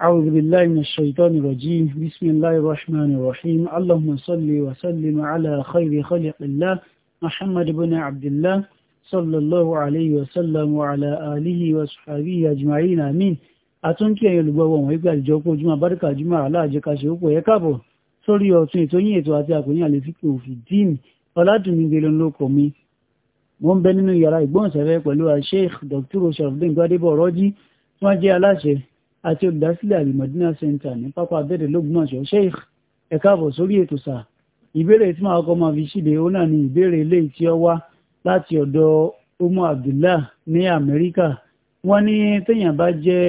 أعوذ بالله من الشيطان الرجيم بسم الله الرحمن الرحيم اللهم صل وسلم على خير خلق الله محمد بن عبد الله صلى الله عليه وسلم وعلى آله وصحبه أجمعين آمين àtúnkí ẹ̀yìn olùgbọ́wọ́ wọn wípé àjọ kó ojúmọ́ abáríkà ojúmọ́ aláàjẹkàṣe ó pọ̀ yẹ káàbọ̀ sórí ọ̀tún ètò yín ètò àti àkòyìn àlefíkò òfin díìnì ọ̀làdùnmí gbélé ńlọkọ̀ mi. wọ́n ń bẹ nínú yàrá ìgbóhùnsáfẹ́ pẹ̀lú Sheikh Dr. sharafdin gbadebo ọ̀rọ́jì tí wọ́n jẹ́ aláṣẹ àti olùdásílẹ̀ alimọ̀dínà center ní pápá abẹ́rẹ́ lọ́gbọ̀nsọ̀ sheikh ẹ káàbọ̀ sórí ètò sà ìbéèrè tí màá kọ́ máa fi ṣíde ó náà ní ìbéèrè eléyìí tí ó wá láti ọ̀dọ̀ umu abdullah ní amẹ́ríkà wọ́n ní téèyàn bá jẹ́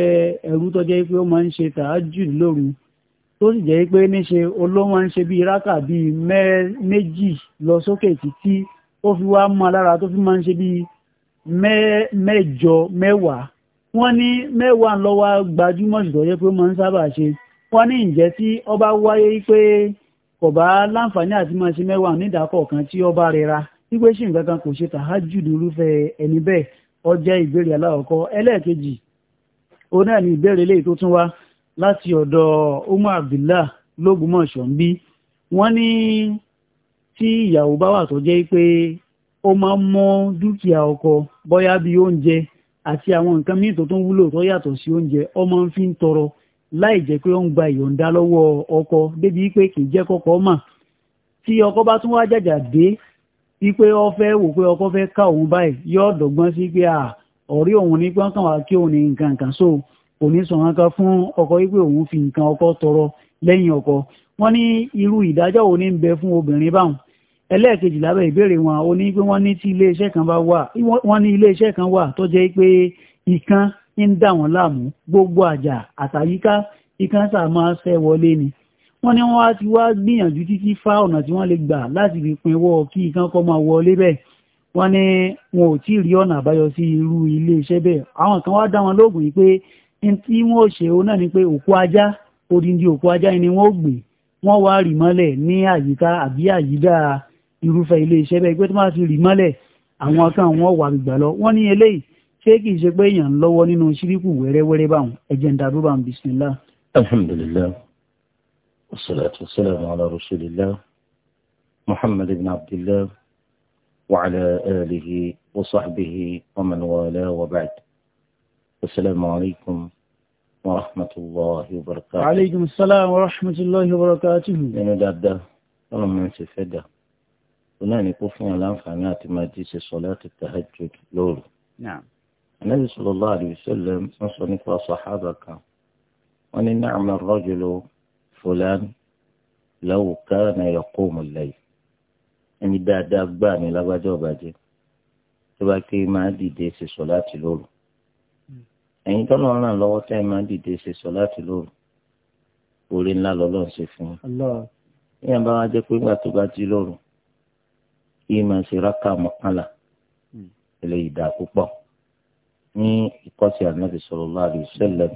ẹrú tó jẹ́ pé ó máa ń ṣe tààjù lóru tó sì jẹ́ pé níṣe olóhùn ń ṣe bíi rákà bíi méjì lọ sókè títí ó fi wá mọ́ lára tó fi máa ń ṣe bíi mẹ́jọ mẹ́wàá wọ́n ní mẹ́wàá lọ́wọ́ gbajúmọ̀ ṣùgbọ́n yẹ pé máa ń sábà ṣe wọ́n ní ǹjẹ́ tí ọba wáyé pé kò bá láǹfààní àti máa ṣe mẹ́wàá nídàkọ̀ọ̀kan tí ọba rẹra wípé ṣì nǹkan kan kò ṣe tàhájùdù irúfẹ́ ẹni bẹ́ẹ̀ ó jẹ́ ìbéèrè aláwọ̀kọ́ ẹlẹ́ẹ̀kejì òun náà ní ìbéèrè eléyìí tó tún wá láti ọ̀dọ̀ Umar Abdullah lógúnmọ̀ṣọ́ ń bí wọ́n ní tí ìyàwó bá wà tó jẹ́ pé ó máa ń mọ́ dúkìá ọkọ bóyá bíi oúnjẹ àti àwọn nǹkan míì tó tún wúlò tó yàtọ̀ sí oúnjẹ ọmọ ń fi ń tọrọ láì jẹ́ pé ó ń gba ìyọ̀ǹda lọ́wọ́ ọkọ débi pé kì í jẹ́ kọ́kọ́ mà tí ọkọ bá tún wá jàjà dé wípé ọ fẹ́ wò pé ọkọ fẹ́ ká òun báyìí yóò dọ̀gbọ́n sí pé à ọ̀rí òun ní gbọ́ngàn wá kí òun ní nǹkan kan so kò ní sọ nǹkan fún ọkọ wípé òun fi nǹkan ọkọ tọrọ lẹ́yìn ọkọ wọ́n ní irú ìdájọ́ òun ń bẹ fún obìnrin báwọn ẹlẹ́ẹ̀kejì lábẹ́ ìbéèrè wọn ó ní pé wọ́n ní tí iléeṣẹ́ kan bá wà wọ́n ní iléeṣẹ́ kan wà tó jẹ́ pé ìkan ń dà wọ́n láàmú gbogbo àjà àtàyíká ìkan sáà máa ṣẹ́ wọlé ni wọ́n ní wọ́n á ti wá gbìyànjú títí fá ọ̀nà tí wọ́n lè gbà láti fi pin wọ́ kí ìkan kọ́ máa wọlé bẹ́ẹ̀ wọ́n ní wọn ò tí ì rí ọ̀nà àbáyọ sí irú iléeṣẹ́ bẹ́ẹ̀ àwọn kan wá dá wọn lóògùn yìí pé irúfẹ́ ilé iṣẹ́ bẹ́ẹ̀ pé tó máa ti rì mọ́lẹ̀ àwọn kan wọ́n wà gbà lọ wọ́n ní eléyìí ṣé kìí ṣe pé èèyàn ń lọ́wọ́ nínú ṣíríkù wẹ́rẹ́wẹ́rẹ́ báwọn ẹ̀jẹ̀ ń darú báwọn bisimilá. alhamdulillah wasalaatu wasalaamu ala rasulillah muhammad ibn abdillah wa ala alihi wa sahbihi wa man wala wa ba'd asalaamu alaykum wa rahmatulahi wa barakatuh. aleykum salaam wa rahmatulahi wa barakatuh. nínú dáadáa ọlọ́run mi ti fẹ́ dáa ó náà ní kó fún wọn láǹfààní àti máa jí ṣe sọ̀láàtì tahajjud lóru. Ànábì sallallahu alaihi wasallam wọ́n sọ nípa sàhábà kan wọ́n ní ni'ma rajulu fulan law kana yaqumu al-layl ẹni dáadáa gbà ní lágbájá ọ̀bàjẹ́ tó bá ké máa dìde ṣe sọ̀láàtì lóru ẹ̀yin tọ́lọ́ ràn lọ́wọ́ tẹ́ ẹ máa dìde ṣe sọ̀láàtì lóru orí ńlá lọ́lọ́ ṣe fún un. ìyẹn bá wá jẹ́ pé ìgbà tó bá jí lóru ìmọ̀ ìṣèrákà mọ́kànlá eléyìí dáa púpọ̀ ní ìkọ́sí ànábì sallallahu alaihi wasallam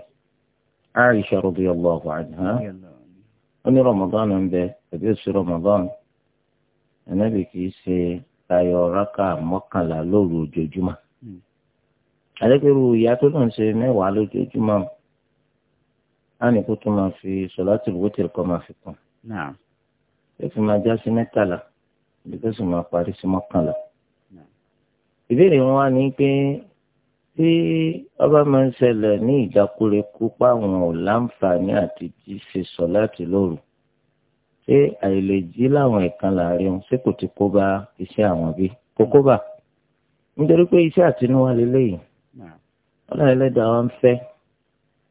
Aisha radiyallahu anha ó ní Ramadan ń bẹ ẹbí oṣù Ramadan ànábì kì í ṣe tayọ rákà mọ́kànlá lóru ojoojúmọ́ hmm. àdékèrú ìyá tó lọ ń ṣe mẹ́wàá lójoojúmọ́ á kó tó máa fi sọ̀látìlú wítìrì kọ́ máa fi kàn. ó fi máa já mẹ́tàlá ìdíkẹ́ sì máa parí sí mọ́kànlá. ìbéèrè wọn wá ní pé tí ọba máa ń ṣẹlẹ̀ ní ìdákúrekú páwọn ò láǹfààní àti jí ṣe sọ láti lóru ṣé àìlèjí láwọn ẹ̀kan láàrin ṣé kò ti kó bá iṣẹ́ àwọn bí kókó bá nítorí pé iṣẹ́ àtinúwá lélẹ́yìn ọlọ́run ẹlẹ́dàá wa ń fẹ́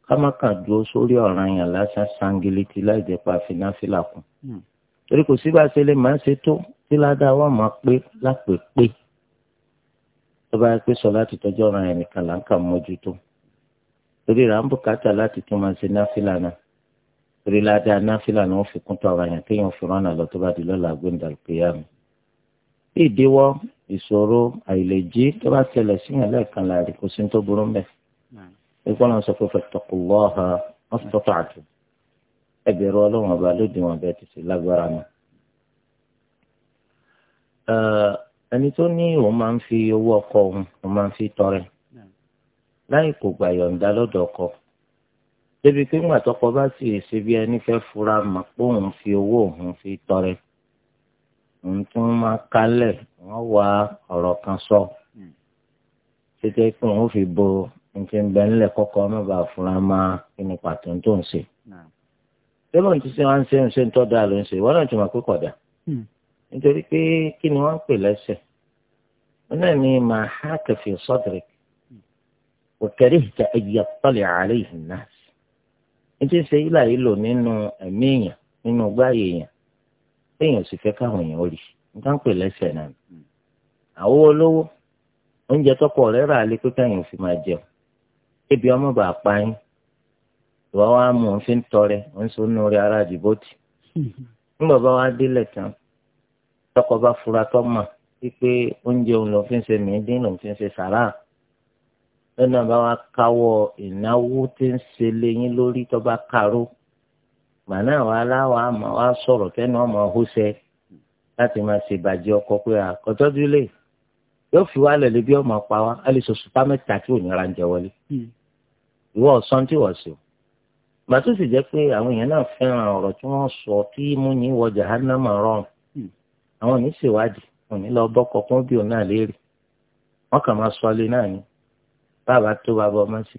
ká má kà dúró sórí ọ̀ràn yàn lásán sangiliti láì jẹ́ pa fínáfílà kù hmm. torí kò sí bá a ṣe lè máa ń ṣe tó tí ládàá wà máa pé lápèpé tó bá yẹ pé sọ láti tọ́jú ọ̀ràn ẹ̀ nìkan là ń kà mójútó torí rà ń bùkátà láti tún máa ṣe náfìlà náà torí ládàá náfìlà náà wọ́n fi kún tó ọ̀ràn yẹn kéèyàn fi rán àlọ́ tó bá di lọ́la gbẹ̀ndà ìpéyàmù. bí ìdíwọ́ ìṣòro àìlèjí tó bá ṣẹlẹ̀ síyàn lẹ́ẹ̀kan láàrin kò sí tó burú mẹ́. ẹgbọ́n náà sọ pé fattaqullaha mastata'tum ẹgbẹ̀rún ọlọ́run ọba lóde wọn bẹ́ẹ̀ ti ṣe lágbára náà. Eh, ẹni tó ní òun máa ń fi owó ọkọ òun òun máa ń fi tọrẹ láì kò gbà yọ̀ǹda lọ́dọ̀ ọkọ débi pé ńgbà tọkọ bá sì ṣe bí ẹni fẹ́ fura mà pé òun fi owó òun fi tọrẹ òun tún máa kálẹ̀ wọ́n wá ọ̀rọ̀ kan sọ títí pé òun fi bo nǹkan ń bẹ ńlẹ̀ kọ́kọ́ má bàa fura máa kí ni pàtó tó ń ṣe. tẹ́lọ̀ hmm. ní ti ṣe wá ń ṣe ń ṣe ń tọ́ da ló ń ṣe wọ́n náà ti mọ̀ pé kódà. nítorí pé kí ni wọ́n ń pè lẹ́sẹ̀ wọn náà ní màá há kẹfì sọ́dìrì òkèrè ìjà ẹ̀yà tọ́lẹ̀ àárẹ̀ yìí náà nítorí ṣe ilà yìí lò nínú ẹ̀mí èèyàn nínú gbáyé èèyàn téèyàn sì fẹ́ káwọn èèyàn rí nǹkan pè lẹ́sẹ̀ náà hmm. àwọn olówó oúnjẹ tọkọ rẹ rà lé pé káyọ̀ fi máa jẹun ebi ọmọ bàá pa ìwà wa mú un fi ń tọrẹ ń sọ nù rí ara tọkọ bá fura tọ́ mọ̀ wípé oúnjẹ òun lòun fi ń ṣe mìíndín lòun fi ń ṣe sàrà lọ́nà bá wa káwọ́ ìnáwó tí ń ṣe léyìn lórí tó bá karó gbàná wa láwa àmọ́ wa sọ̀rọ̀ tẹ́nu ọmọ ọ̀húnṣẹ́ láti máa ṣe ìbàjẹ́ ọkọ pé àkọ́tọ́jú lè yóò fi wá lẹ̀ lébi ọmọ pa wá a lè sọ sùpá tí ò ní ra ń jẹ wọlé hmm. ìwọ ọ̀sán tí wọ́n sọ gbàtú sì jẹ́ pé àwọn èèyàn náà fẹ́ràn ọ̀rọ̀ tí wọ́n sọ tí mú wọ jahannama rọrùn àwọn ní ṣèwádìí òní lọ bọ́kọ kún bí òun náà léèrè wọ́n kàn máa sọ náà ni bàbá tó bàbá ọmọ sí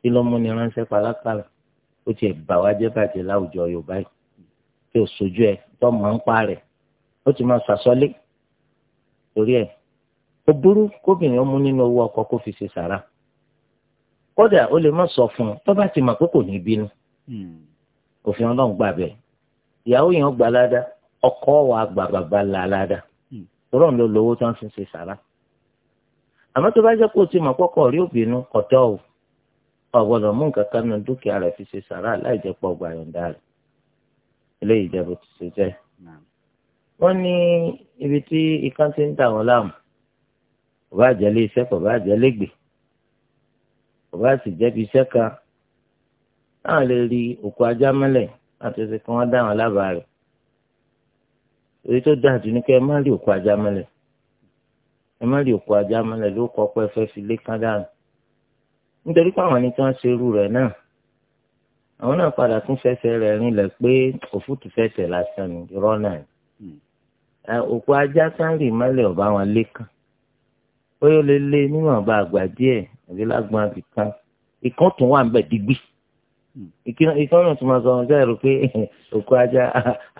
kí ló mú ni ránṣẹ́ palápàlà ó tiẹ̀ bà wá jẹ́ bàjẹ́ láwùjọ Yorùbá yìí tí ò sojú ẹ tó mọ̀ ń pa rẹ̀ ó ti máa sàsọ́lé torí ẹ̀ ó burú kóbìnrin ó mú nínú owó ọkọ kó fi ṣe sàrà kódà ó lè má sọ fún un tó bá ti mọ̀ pé kò ní bínú hmm. òfin Ọlọ́run gbà bẹ́ẹ̀ ìyàwó yẹn ó gbà ládàá ọkọ wa gba bàbá la aládàá tọrọ hmm. ló lówó tó ń fi ṣe sàrà àmọ́ tó bá jẹ́ kó o ti mọ̀ kọkọ rí obìnrin ọ̀tọ̀ o ọgbọ́dọ̀ mú nǹkan kan nínú dúkìá rẹ̀ fi ṣe sàrà láì jẹ́ pọ ọgbà yọ̀ǹda rẹ̀ eléyìí jẹ́ bó ti ṣe jẹ́ wọ́n ní ibi tí ikán ti ń dà wọ́n láàmú kò bá jẹ́ lé iṣẹ́ kò bá jẹ́ sì jẹ́bi iṣẹ́ kan náà lè rí òkú ajá mọ́lẹ̀ àti ti kí wọ́n dá wọn lábàá rẹ̀ èyí tó dáa jù ní kẹ́ ẹ má rí òkú ajá mọ́lẹ̀ ẹ má rí òkú ajá ló fi lé kán dànù nítorí pé àwọn tí wọ́n ṣe irú rẹ̀ náà àwọn náà padà tún fẹsẹ̀ rẹ̀ rinlẹ̀ pé òfútù fẹsẹ̀ lásán ni irọ́ náà hmm. òkú ajá sáré mọ́lẹ̀ ọ̀bá wọn lé kán ó lè lé níwọ̀nba àgbà àbí wà ń ìkíni tó máa sọ ọ́n sẹ́yìn rò pé òkú ajá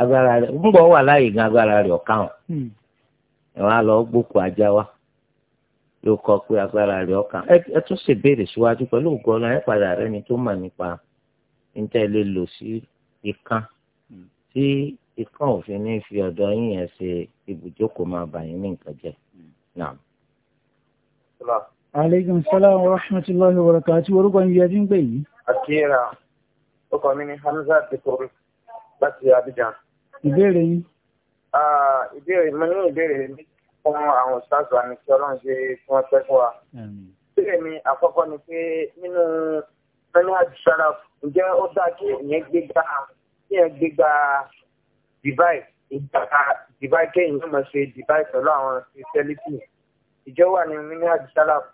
agbára rẹ̀ ń bọ̀ wà láàyè gan agbára rẹ̀ ọ̀ka hàn hmm. gbókù ajá wa yóò kọ pé agbára rẹ̀ ọ̀ka ẹ tún ṣe béèrè síwájú pẹ̀lú ògùn ọ̀la ẹ̀ ni tó nípa níta lò sí hmm. tí òfin ní fi ọ̀dọ̀ yín yẹn ṣe máa hmm. aleykum salaam wa rahmatulahi wa akira Ọkọ mi ni Hamza Dikoro láti Abidjan. Ìbéèrè yìí. Ìbéèrè mo ní ìbéèrè mi fún àwọn ṣáàtù àmì tí Ọlọ́run ṣe fún ọpẹ́ fún wa. Ìbéèrè mi àkọ́kọ́ ni pé nínú Manhaj Sharaf ǹjẹ́ ó dáa kí ìyẹn gbégbá ìyẹn gbégbá device ìgbàgbà device kéyìn yóò máa ṣe device pẹ̀lú àwọn fidelity ìjọ wà ní Manhaj Sharaf.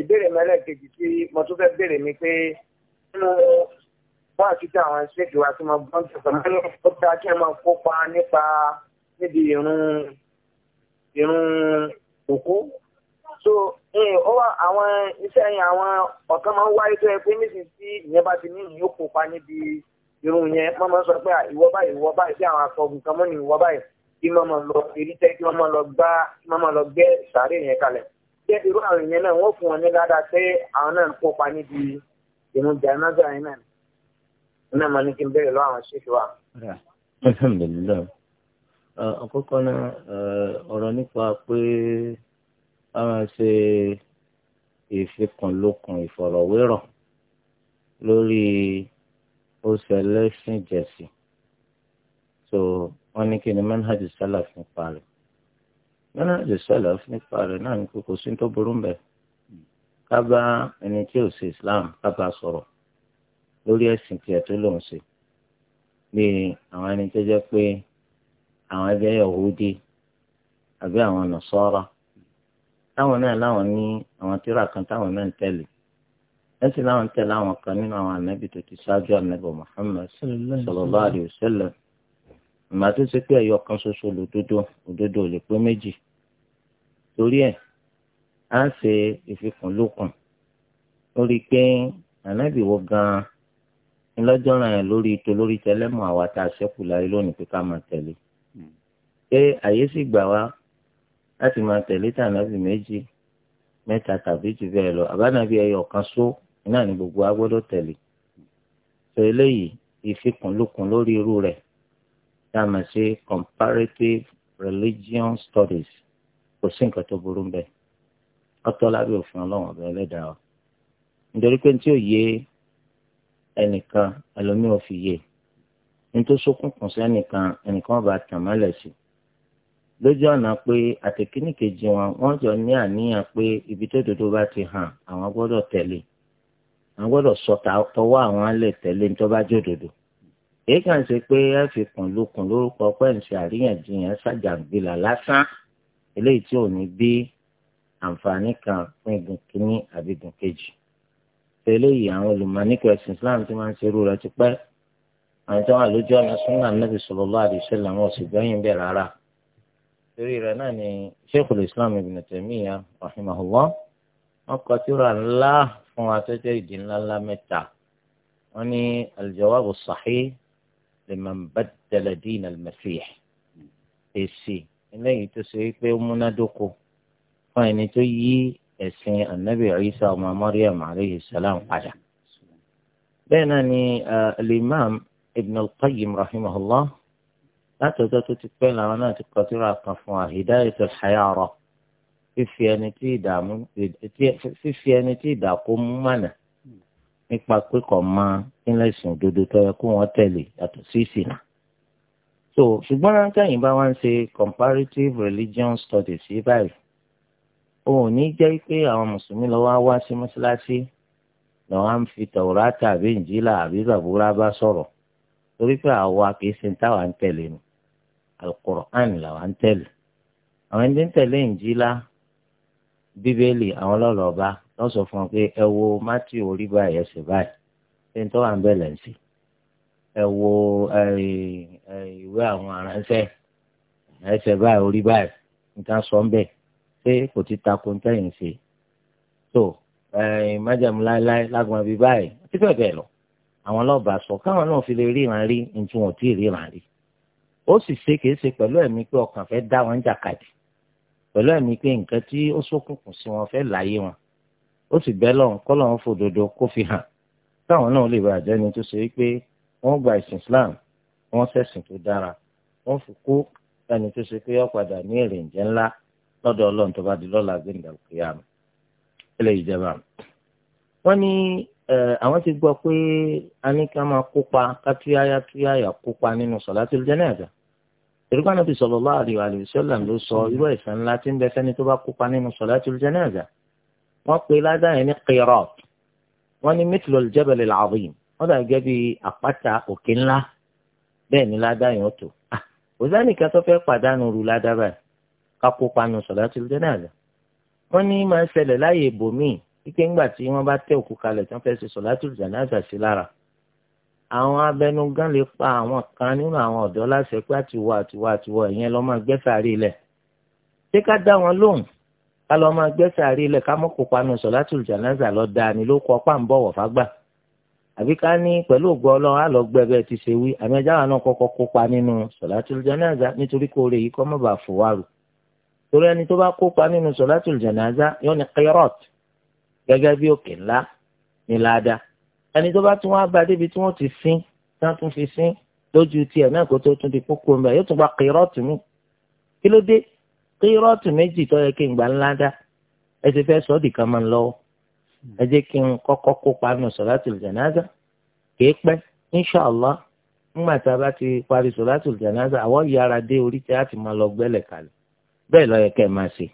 Ìbéèrè mi ẹlẹ́ẹ̀kejì tí mo tún fẹ́ béèrè mi pé nínú wọ́n àti tí àwọn ṣẹ́ẹ̀kì wa ti máa bọ́ ní ọ̀sán mọ́lẹ́ ó dáa kí ẹ máa kópa nípa níbi ìrun ìrun òkú. so ó wà àwọn iṣẹ́ yẹn àwọn ọ̀kan máa ń wáyé tó yẹ pé nísìnyí tí ìyẹn bá ti ní ìyóò kópa níbi irun yẹn wọ́n máa ń sọ pé ìwọ báyìí ìwọ báyìí sí àwọn akọ̀gùn kan mọ́ ní ìwọ báyìí kí wọ́n máa lọ èrí tẹ́ kí wọ́n máa lọ gbá kí wọ́n máa lọ gbé sàárè yẹn kalẹ̀. ṣé irú àwọn èèyàn náà wọ́n fún wọn ní ládàá pé àwọn náà ń kópa níbi ìrun jàǹdà yẹn náà náà máa ní kí n bẹ̀rẹ̀ lọ́wọ́ àwọn ṣéèkì wa. alhamdulilayi àkọ́kọ́ náà ọ̀rọ̀ nípa pé a máa ṣe ìfikùnlukùn ìfọ̀rọ̀wérọ̀ lórí oṣù ẹlẹ́sìn jẹ̀sì so wọ́n ní kí ni manhajj salaf nípa rẹ̀ manhajj salaf nípa rẹ̀ náà ní kókó sí tó burú mbẹ́ ká bá ẹni tí ò sí islam ká bá sọ̀rọ̀ lórí ẹ̀sìn tiẹ̀ tó lòun ṣe bíi àwọn ẹni tó jẹ́ pé àwọn ẹgbẹ́ Yahudi àbí àwọn Nasara táwọn náà láwọn ní àwọn tírà kan táwọn náà ń tẹ̀lé ẹ̀sìn láwọn ń tẹ̀lé àwọn kan nínú àwọn ànábì tó ti ṣáájú ànábì Muhammad sallallahu alayhi wa sallam ìmọ̀ tó ṣe pé ẹ̀yọ kan ṣoṣo lòdodo òdodo ò lè pé méjì torí ẹ̀ á ṣe ìfikùnlukùn lórí pé ànábì wo gan-an ńlọ́jọ́ ràn yẹn lórí ito lórí tẹlẹ́mù àwa tá a ṣẹ́kù láyé lónìí pé ká máa tẹ̀lé. Hmm. pé àyè sì gbà wá láti máa tẹ̀lé tànàbì méjì mẹ́ta tàbí jù bẹ́ẹ̀ lọ àbánàbí ẹyọ kan só iná ní gbogbo wa gbọ́dọ̀ tẹ̀lé. sọ eléyìí ìfikùnlukùn lórí irú rẹ̀ tá a máa ṣe comparative religion studies kò sí nǹkan tó burú bẹ́ẹ̀ ọtọ́ lábẹ́ òfin ọlọ́wọ̀n ọ̀bẹ ẹlẹ́dàá nítorí pé tí ò yé ẹnìkan ẹlòmíì ò fi yé nítorí sókùnkùn sẹ́nìkan ẹnìkan bá tàn mọ́lẹ̀ sí lójú ọ̀nà pé àtẹ̀kíní kejì wọn wọ́n jọ ní àníyàn pé ibi tó dodo bá ti hàn àwọn gbọ́dọ̀ tẹ̀lé àwọn gbọ́dọ̀ sọ tọwọ́ àwọn alẹ̀ tẹ̀lé ní tó bá jòdòdò èyí kàn ṣe pé ẹ fi kùn lukùn lórúkọ pẹ́ǹsì àríyànjiyàn ṣàjàngbìlà lásán eléyìí tí ò ní bí àǹfààní kan fún igun kínní àbí igun kejì eléyìí àwọn olùmọ̀nìkọ̀ ẹ̀sìn Islam ti máa ń ṣerú rẹ̀ ti pẹ́ àwọn tó wà lójú ọ̀nà súnà nàbì sallallahu alaihi wasallam àwọn òsì gbẹ́yìn bẹ̀ rárá torí rẹ̀ náà ni Sheikhul Islam Ibn Taymiyyah rahimahullah wọn kọ tírà ńlá fún wa tó jẹ́ ìdí ńlá ńlá mẹ́ta wọn ní al-jawabu sahih liman baddala dina al-masih èsì eléyìí tó ṣe wípé ó múnádóko fún ẹni tó yí ẹ̀sìn anabi Isa ọmọ Maryam aleyhi salam padà. bẹ́ẹ̀ náà ni alimam ibn al-qayyim rahimahullah látọjọ́ tó ti pẹ́ làwọn náà ti kọ tírà kan fún wa hidayatul hayara fífi ẹni tí ìdààmú fífi ẹni tí ìdàkó mú mànà nípa pípọ̀ mọ́ nílẹ̀ ìsìn òdodo tó yẹ kó wọ́n tẹ̀lé yàtọ̀ sí ìsìn so ṣùgbọ́n rántẹ́yìn bá wá ń ṣe comparative religion studies yìí báyìí òun ò ní jẹ́ pé àwọn mùsùlùmí lọ́wọ́ wá sí mọ́ṣáláṣí lọ́wọ́ à ń fi tàwùrátà àbí ìnjílà àbí zàbúrà bá sọ̀rọ̀ torí pé àwa kì í ṣe táwa ń tẹ̀lé nu alukur'an làwa ń tẹ̀lé àwọn ẹni ń tẹ̀lé ìnjílà bíbélì àwọn lọ́lọ́ba lọ́ sọ fún wọn pé ẹ wo matthew orí báyìí ẹsẹ̀ báyìí ṣé ń tọ́wà ń bẹ̀lẹ̀ ń ẹ wo ìwé àwọn aránṣẹ́ ẹsẹ̀ báyìí orí báyìí nǹkan sọ ń bẹ̀ẹ́ pé kò ti ta ko ntẹ́yìn ṣe tó eh, májàmú láéláé lágbọn bíi báyìí àti bẹ́ẹ̀ bẹ́ẹ̀ lọ àwọn ọlọ́ọ̀bà sọ káwọn náà fi lè ríran rí ntí wọn ò tí ì ríran rí ó sì ṣe kìí ṣe pẹ̀lú ẹ̀mí pé ọkàn fẹ́ dá wọn jàkadì pẹ̀lú ẹ̀mí pé nǹkan tí ó ṣókùnkùn sí wọn fẹ́ láyé wọn ó sì bẹ́ lọ́run kọ́ lọ́run fòdodo kó fi hàn káwọn náà lè bàjẹ́ ni tó ṣe wípé wọ́n gba ìsìn Islam wọ́n ṣẹ̀sìn tó dára wọ́n fi kó ẹni tó ṣe pé ó ní èrè ǹjẹ́ ńlá lọ́dọ̀ ọlọ́run tó bá di lọ́la gbẹ̀ngà kìyàmù eléyìí jẹba. wọ́n ní àwọn ti gbọ́ pé a ní ká máa kópa ká túyáyá túyáyá kópa nínú sọ̀látùl jánásà ìrúkọ Ànábì sallallahu alaihi wa sallam ló sọ irú ẹ̀san ńlá tí ń bẹ fẹ́ni tó bá kópa nínú sọ̀látùl jánásà wọ́n pe ládàá yẹn ní qirat wọ́n ní mithlul jabalil azim wọ́n dà gẹ́gẹ́ bí àpáta òkè ńlá bẹ́ẹ̀ ni ládàá yẹn ó tó ah, òsánìkan tó fẹ́ pàdánù rú ládàá báyìí kákópa nù sọ̀láṣí jánásà wọ́n ní máa ń ṣẹlẹ̀ láyè ibòmíì wípé ńgbà tí wọ́n bá tẹ́ òkú kalẹ̀ tí wọ́n fẹ́ ṣe sọ̀láṣí jánásà sí lára àwọn abẹnugan lè pa àwọn kan nínú àwọn ọ̀dọ́ láṣẹ pé àtiwọ́ àtiwọ́ àtiwọ́ ìyẹn lọ́ máa gbẹ́ sàárè lẹ̀ ṣé ká dá wọn lóhùn ká lọ́ máa gbẹ́ sàárè lẹ̀ ká mọ́ kópa nù sọ̀láṣí jánásà lọ́ ni ló kọ́ pàǹbọ̀wọ̀ fágbà lọ torí ẹni tó bá kópa nínú sọ̀látùl jánásà yóò ní kírọ́t gẹ́gẹ́ bí òkè ńlá ní láàdá ẹni tó bá tún wá bá débi tí wọ́n ti sin tí wọ́n tún fi sin lójú tiẹ̀ náà kó tó tún di kókó ń bẹ̀ yóò tún gba kírọ́t mi kí ló dé kírọ́t méjì tó yẹ kí n gbà ńláàdá ẹ ti fẹ́ sọ́ọ́dì kan máa ń lọ́wọ́ ẹ jẹ́ kí n kọ́kọ́ kópa nínú sọ̀látùl jánásà kìí pẹ́ inṣàlá ńgbà tá a bá ti parí sọ̀látùl jánásà àwọn yàrá dé orí tí a ti máa lọ gbẹ́lẹ̀ kalẹ̀ bẹ́ẹ̀ ló yẹ kẹ́ ẹ máa ṣe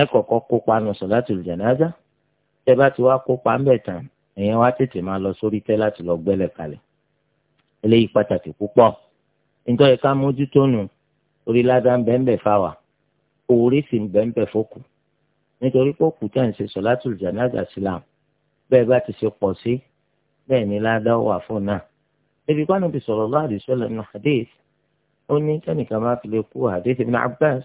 ẹ kọ́kọ́ kópa nù sọ̀látùl jánásà tẹ bá ti wá kópa ńbẹ̀ tán èèyàn wá tètè máa lọ sórí tẹ́ láti lọ gbẹ́lẹ̀ kalẹ̀ eléyìí pàtàkì púpọ̀ nítorí ká mójútó nù orí ládàá ńbẹ́ńbẹ́ fáwà òwúrí sì ńbẹ́ńbẹ́ fókù nítorí pé òkú tẹ̀ ń ṣe sọ̀látùl jánásà sílám bẹ́ẹ̀ bá ti ṣe pọ̀ sí bẹ́ẹ̀ ni ládàá wà fún Abbas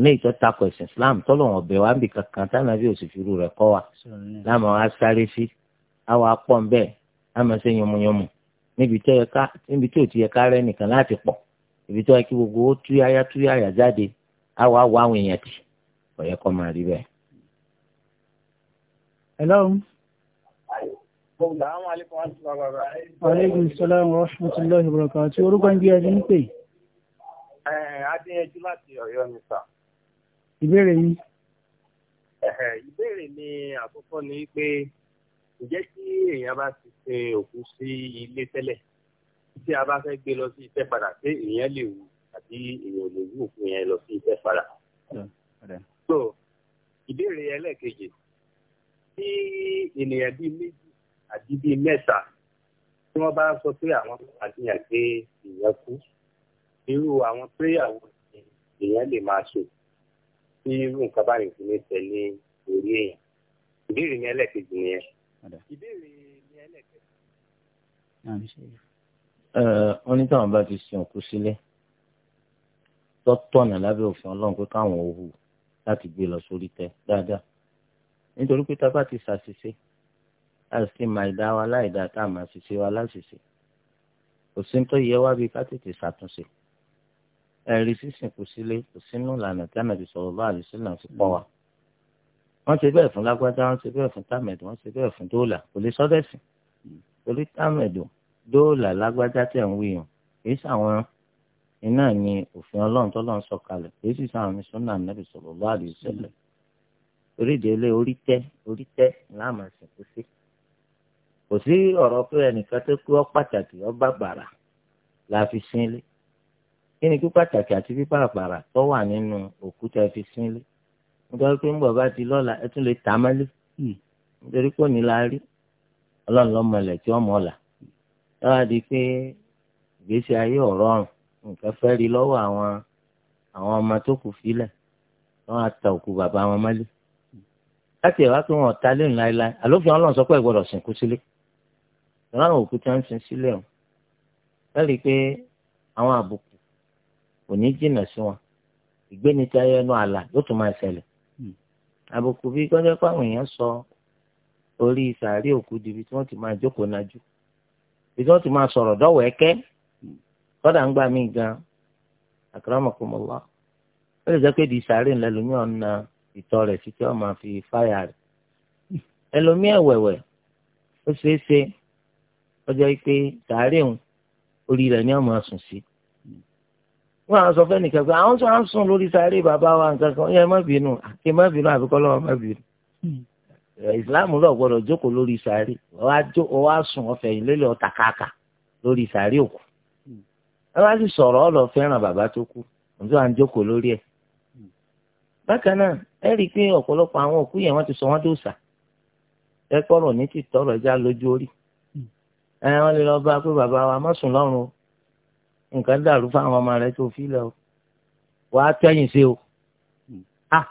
ilé ìtọ́ takọ̀ ẹ̀sìn islam tọ́lọ̀ wọn bẹ̀ wá ń bì kankan táwọn bí òsì fi ru rẹ̀ kọ́ wa láàmú wa sáré sí àwọn apọ̀ ń bẹ́ẹ̀ àmọ́ ṣe yànmùyànmù níbi tí ò ti yẹ ká rẹ́ nìkan láti pọ̀ ibi tí wọ́n kí gbogbo ó túyáyá túyáyá jáde àwọn awọ àwọn èèyàn tì ọ̀yẹ́ kọ́ máa rí bẹ́ẹ̀. hello. aleykum salaam wa rahmatulahi wa barakatuh orúkọ ń gbé ẹni ń pè. ẹ eh, adéyẹjú láti Ọ̀yọ́ ni sà ìbéèrè yìí. ìbéèrè mi àkọ́kọ́ ni pé ǹjẹ́ tí èèyàn bá ti sin òkú sí ilé tẹ́lẹ̀ tí a bá fẹ́ gbé lọ sí iṣẹ́ padà ṣé èèyàn lè wù àbí èèyàn lè wù òkú yẹn lọ sí iṣẹ́ padà. so ìbéèrè ẹlẹ́ẹ̀kejì tí ènìyàn bíi méjì àti bíi mẹ́ta tí wọ́n bá sọ pé àwọn àdìyàn pé èèyàn kú irú àwọn péyàwó èèyàn lè máa ṣe tí irú nǹkan bá yìí fi ní tẹ̀lé orí èèyàn ìbéèrè ní ẹlẹ́kejì nìyẹn. ìbéèrè ní ẹlẹ́kejì. wọ́n ní táwọn bá ti sin òkú sílẹ̀ tọ́tọ̀nà lábẹ́ òfin ọlọ́run pé káwọn ò láti gbé lọ sórí tẹ dáadáa nítorí pé tá ti ṣàṣìṣe àìsí máa ìdá wa láìdá tá a máa ṣiṣẹ́ wa láṣìṣe òsín tó yẹ wá bí ká tètè ṣàtúnṣe ẹ̀rí sísìn kù sílé kù sínú ìlànà tí ànàbì sallallahu alaihi wasallam fi pọ̀ wá. wọ́n ṣe bẹ́ẹ̀ fún lágbájá wọ́n ṣe bẹ́ẹ̀ fún támẹ̀dù wọ́n ṣe bẹ́ẹ̀ fún dóòlà kò lè sọ́dẹ̀sìn torí támẹ̀dù dóòlà lágbájá tẹ̀ ń wíyàn kì í sàwọn iná ni òfin ọlọ́run tọ́lọ́run sọ kalẹ̀ kì í sì sàwọn ní sunnah ànàbì sallallahu alaihi wasallam torí ìdílé orí tẹ́ orí tẹ́ láàmà sìnkú sí kò sí ọ̀rọ̀ pé ẹnìkan tó kú ọ pàtàkì ọ bàbàrà la fi sin lé kí ni pípàtàkì àti pípàpàrà tó wà nínú òkúta fi sínlé nítorí pé ńgbà bá ti lọ́la ẹ tún lè tà mọ́lé nítorí pé òní la rí ọlọ́run lọ́mọ ilẹ̀ tí ọmọ ọ̀la lọ́wọ́ di pé ìgbésí ayé ọ̀rọ̀ ọ̀run nǹkan fẹ́ rí lọ́wọ́ àwọn àwọn ọmọ tó kù sílẹ̀ wọ́n á ta òkú bàbá wọn mọ́lé láti ẹ̀wá pé wọn ta lẹ́nu láéláé àlófin ọlọ́run sọ pé ẹ gbọ́dọ̀ sìnkú sílé ìran òkú ń sin sílẹ̀ o lẹ́rìí pé àwọn àbùkù kò ní jìnnà sí wọn ìgbénitayọ ẹnu àlà yóò tún máa ṣẹlẹ̀ hmm. àbùkù bí gbọ́dọ̀ pé àwọn èèyàn sọ orí sàárì òkú dibi tí wọ́n ti máa jókòó nájú ibi tí wọ́n ti máa sọ̀rọ̀ dọ́wọ̀ ẹ̀kẹ́ hmm. kọ́dà ń gbà mí gan àkàràmọ̀kùnmọ̀lá ó lè jẹ́ pé di sàárì ńlẹ̀ ọ̀nà ìtọ́ rẹ̀ sí tí wọ́n máa fi fáyà rẹ̀ ẹlòmí ẹ̀wẹ̀wẹ̀ ó ṣeé ṣe ọjọ́ pé sàárì òun orí rẹ̀ ni wọ́n máa sùn sí wọn à ń sọ fẹ́ẹ́ nìkan pé àwọn tó à ń sùn lórí sáré bàbá wa nǹkan kan yẹn má bínú àti má bínú àbíkọ́ lọ́wọ́ má bínú. Hmm. ìsìláàmù lọ gbọ́dọ̀ jókòó lórí sáré ọ wá sùn ọfẹ̀yìn lélẹ̀ ọ̀tà káàkà lórí sáré òkú. ẹ hmm. wá sì sọ̀rọ̀ ọ̀lọ́ fẹ́ràn bàbá tó kú ǹjọ́ à ń jókòó lórí ẹ̀. Hmm. bákan náà ẹ rí i pé ọ̀pọ̀lọpọ̀ àwọn òkú yẹn wọ́n ti sọ wọ́n nǹkan dàrú fáwọn ọmọ rẹ tó fi lẹ o wàá tẹ̀yìn sí o hmm. ah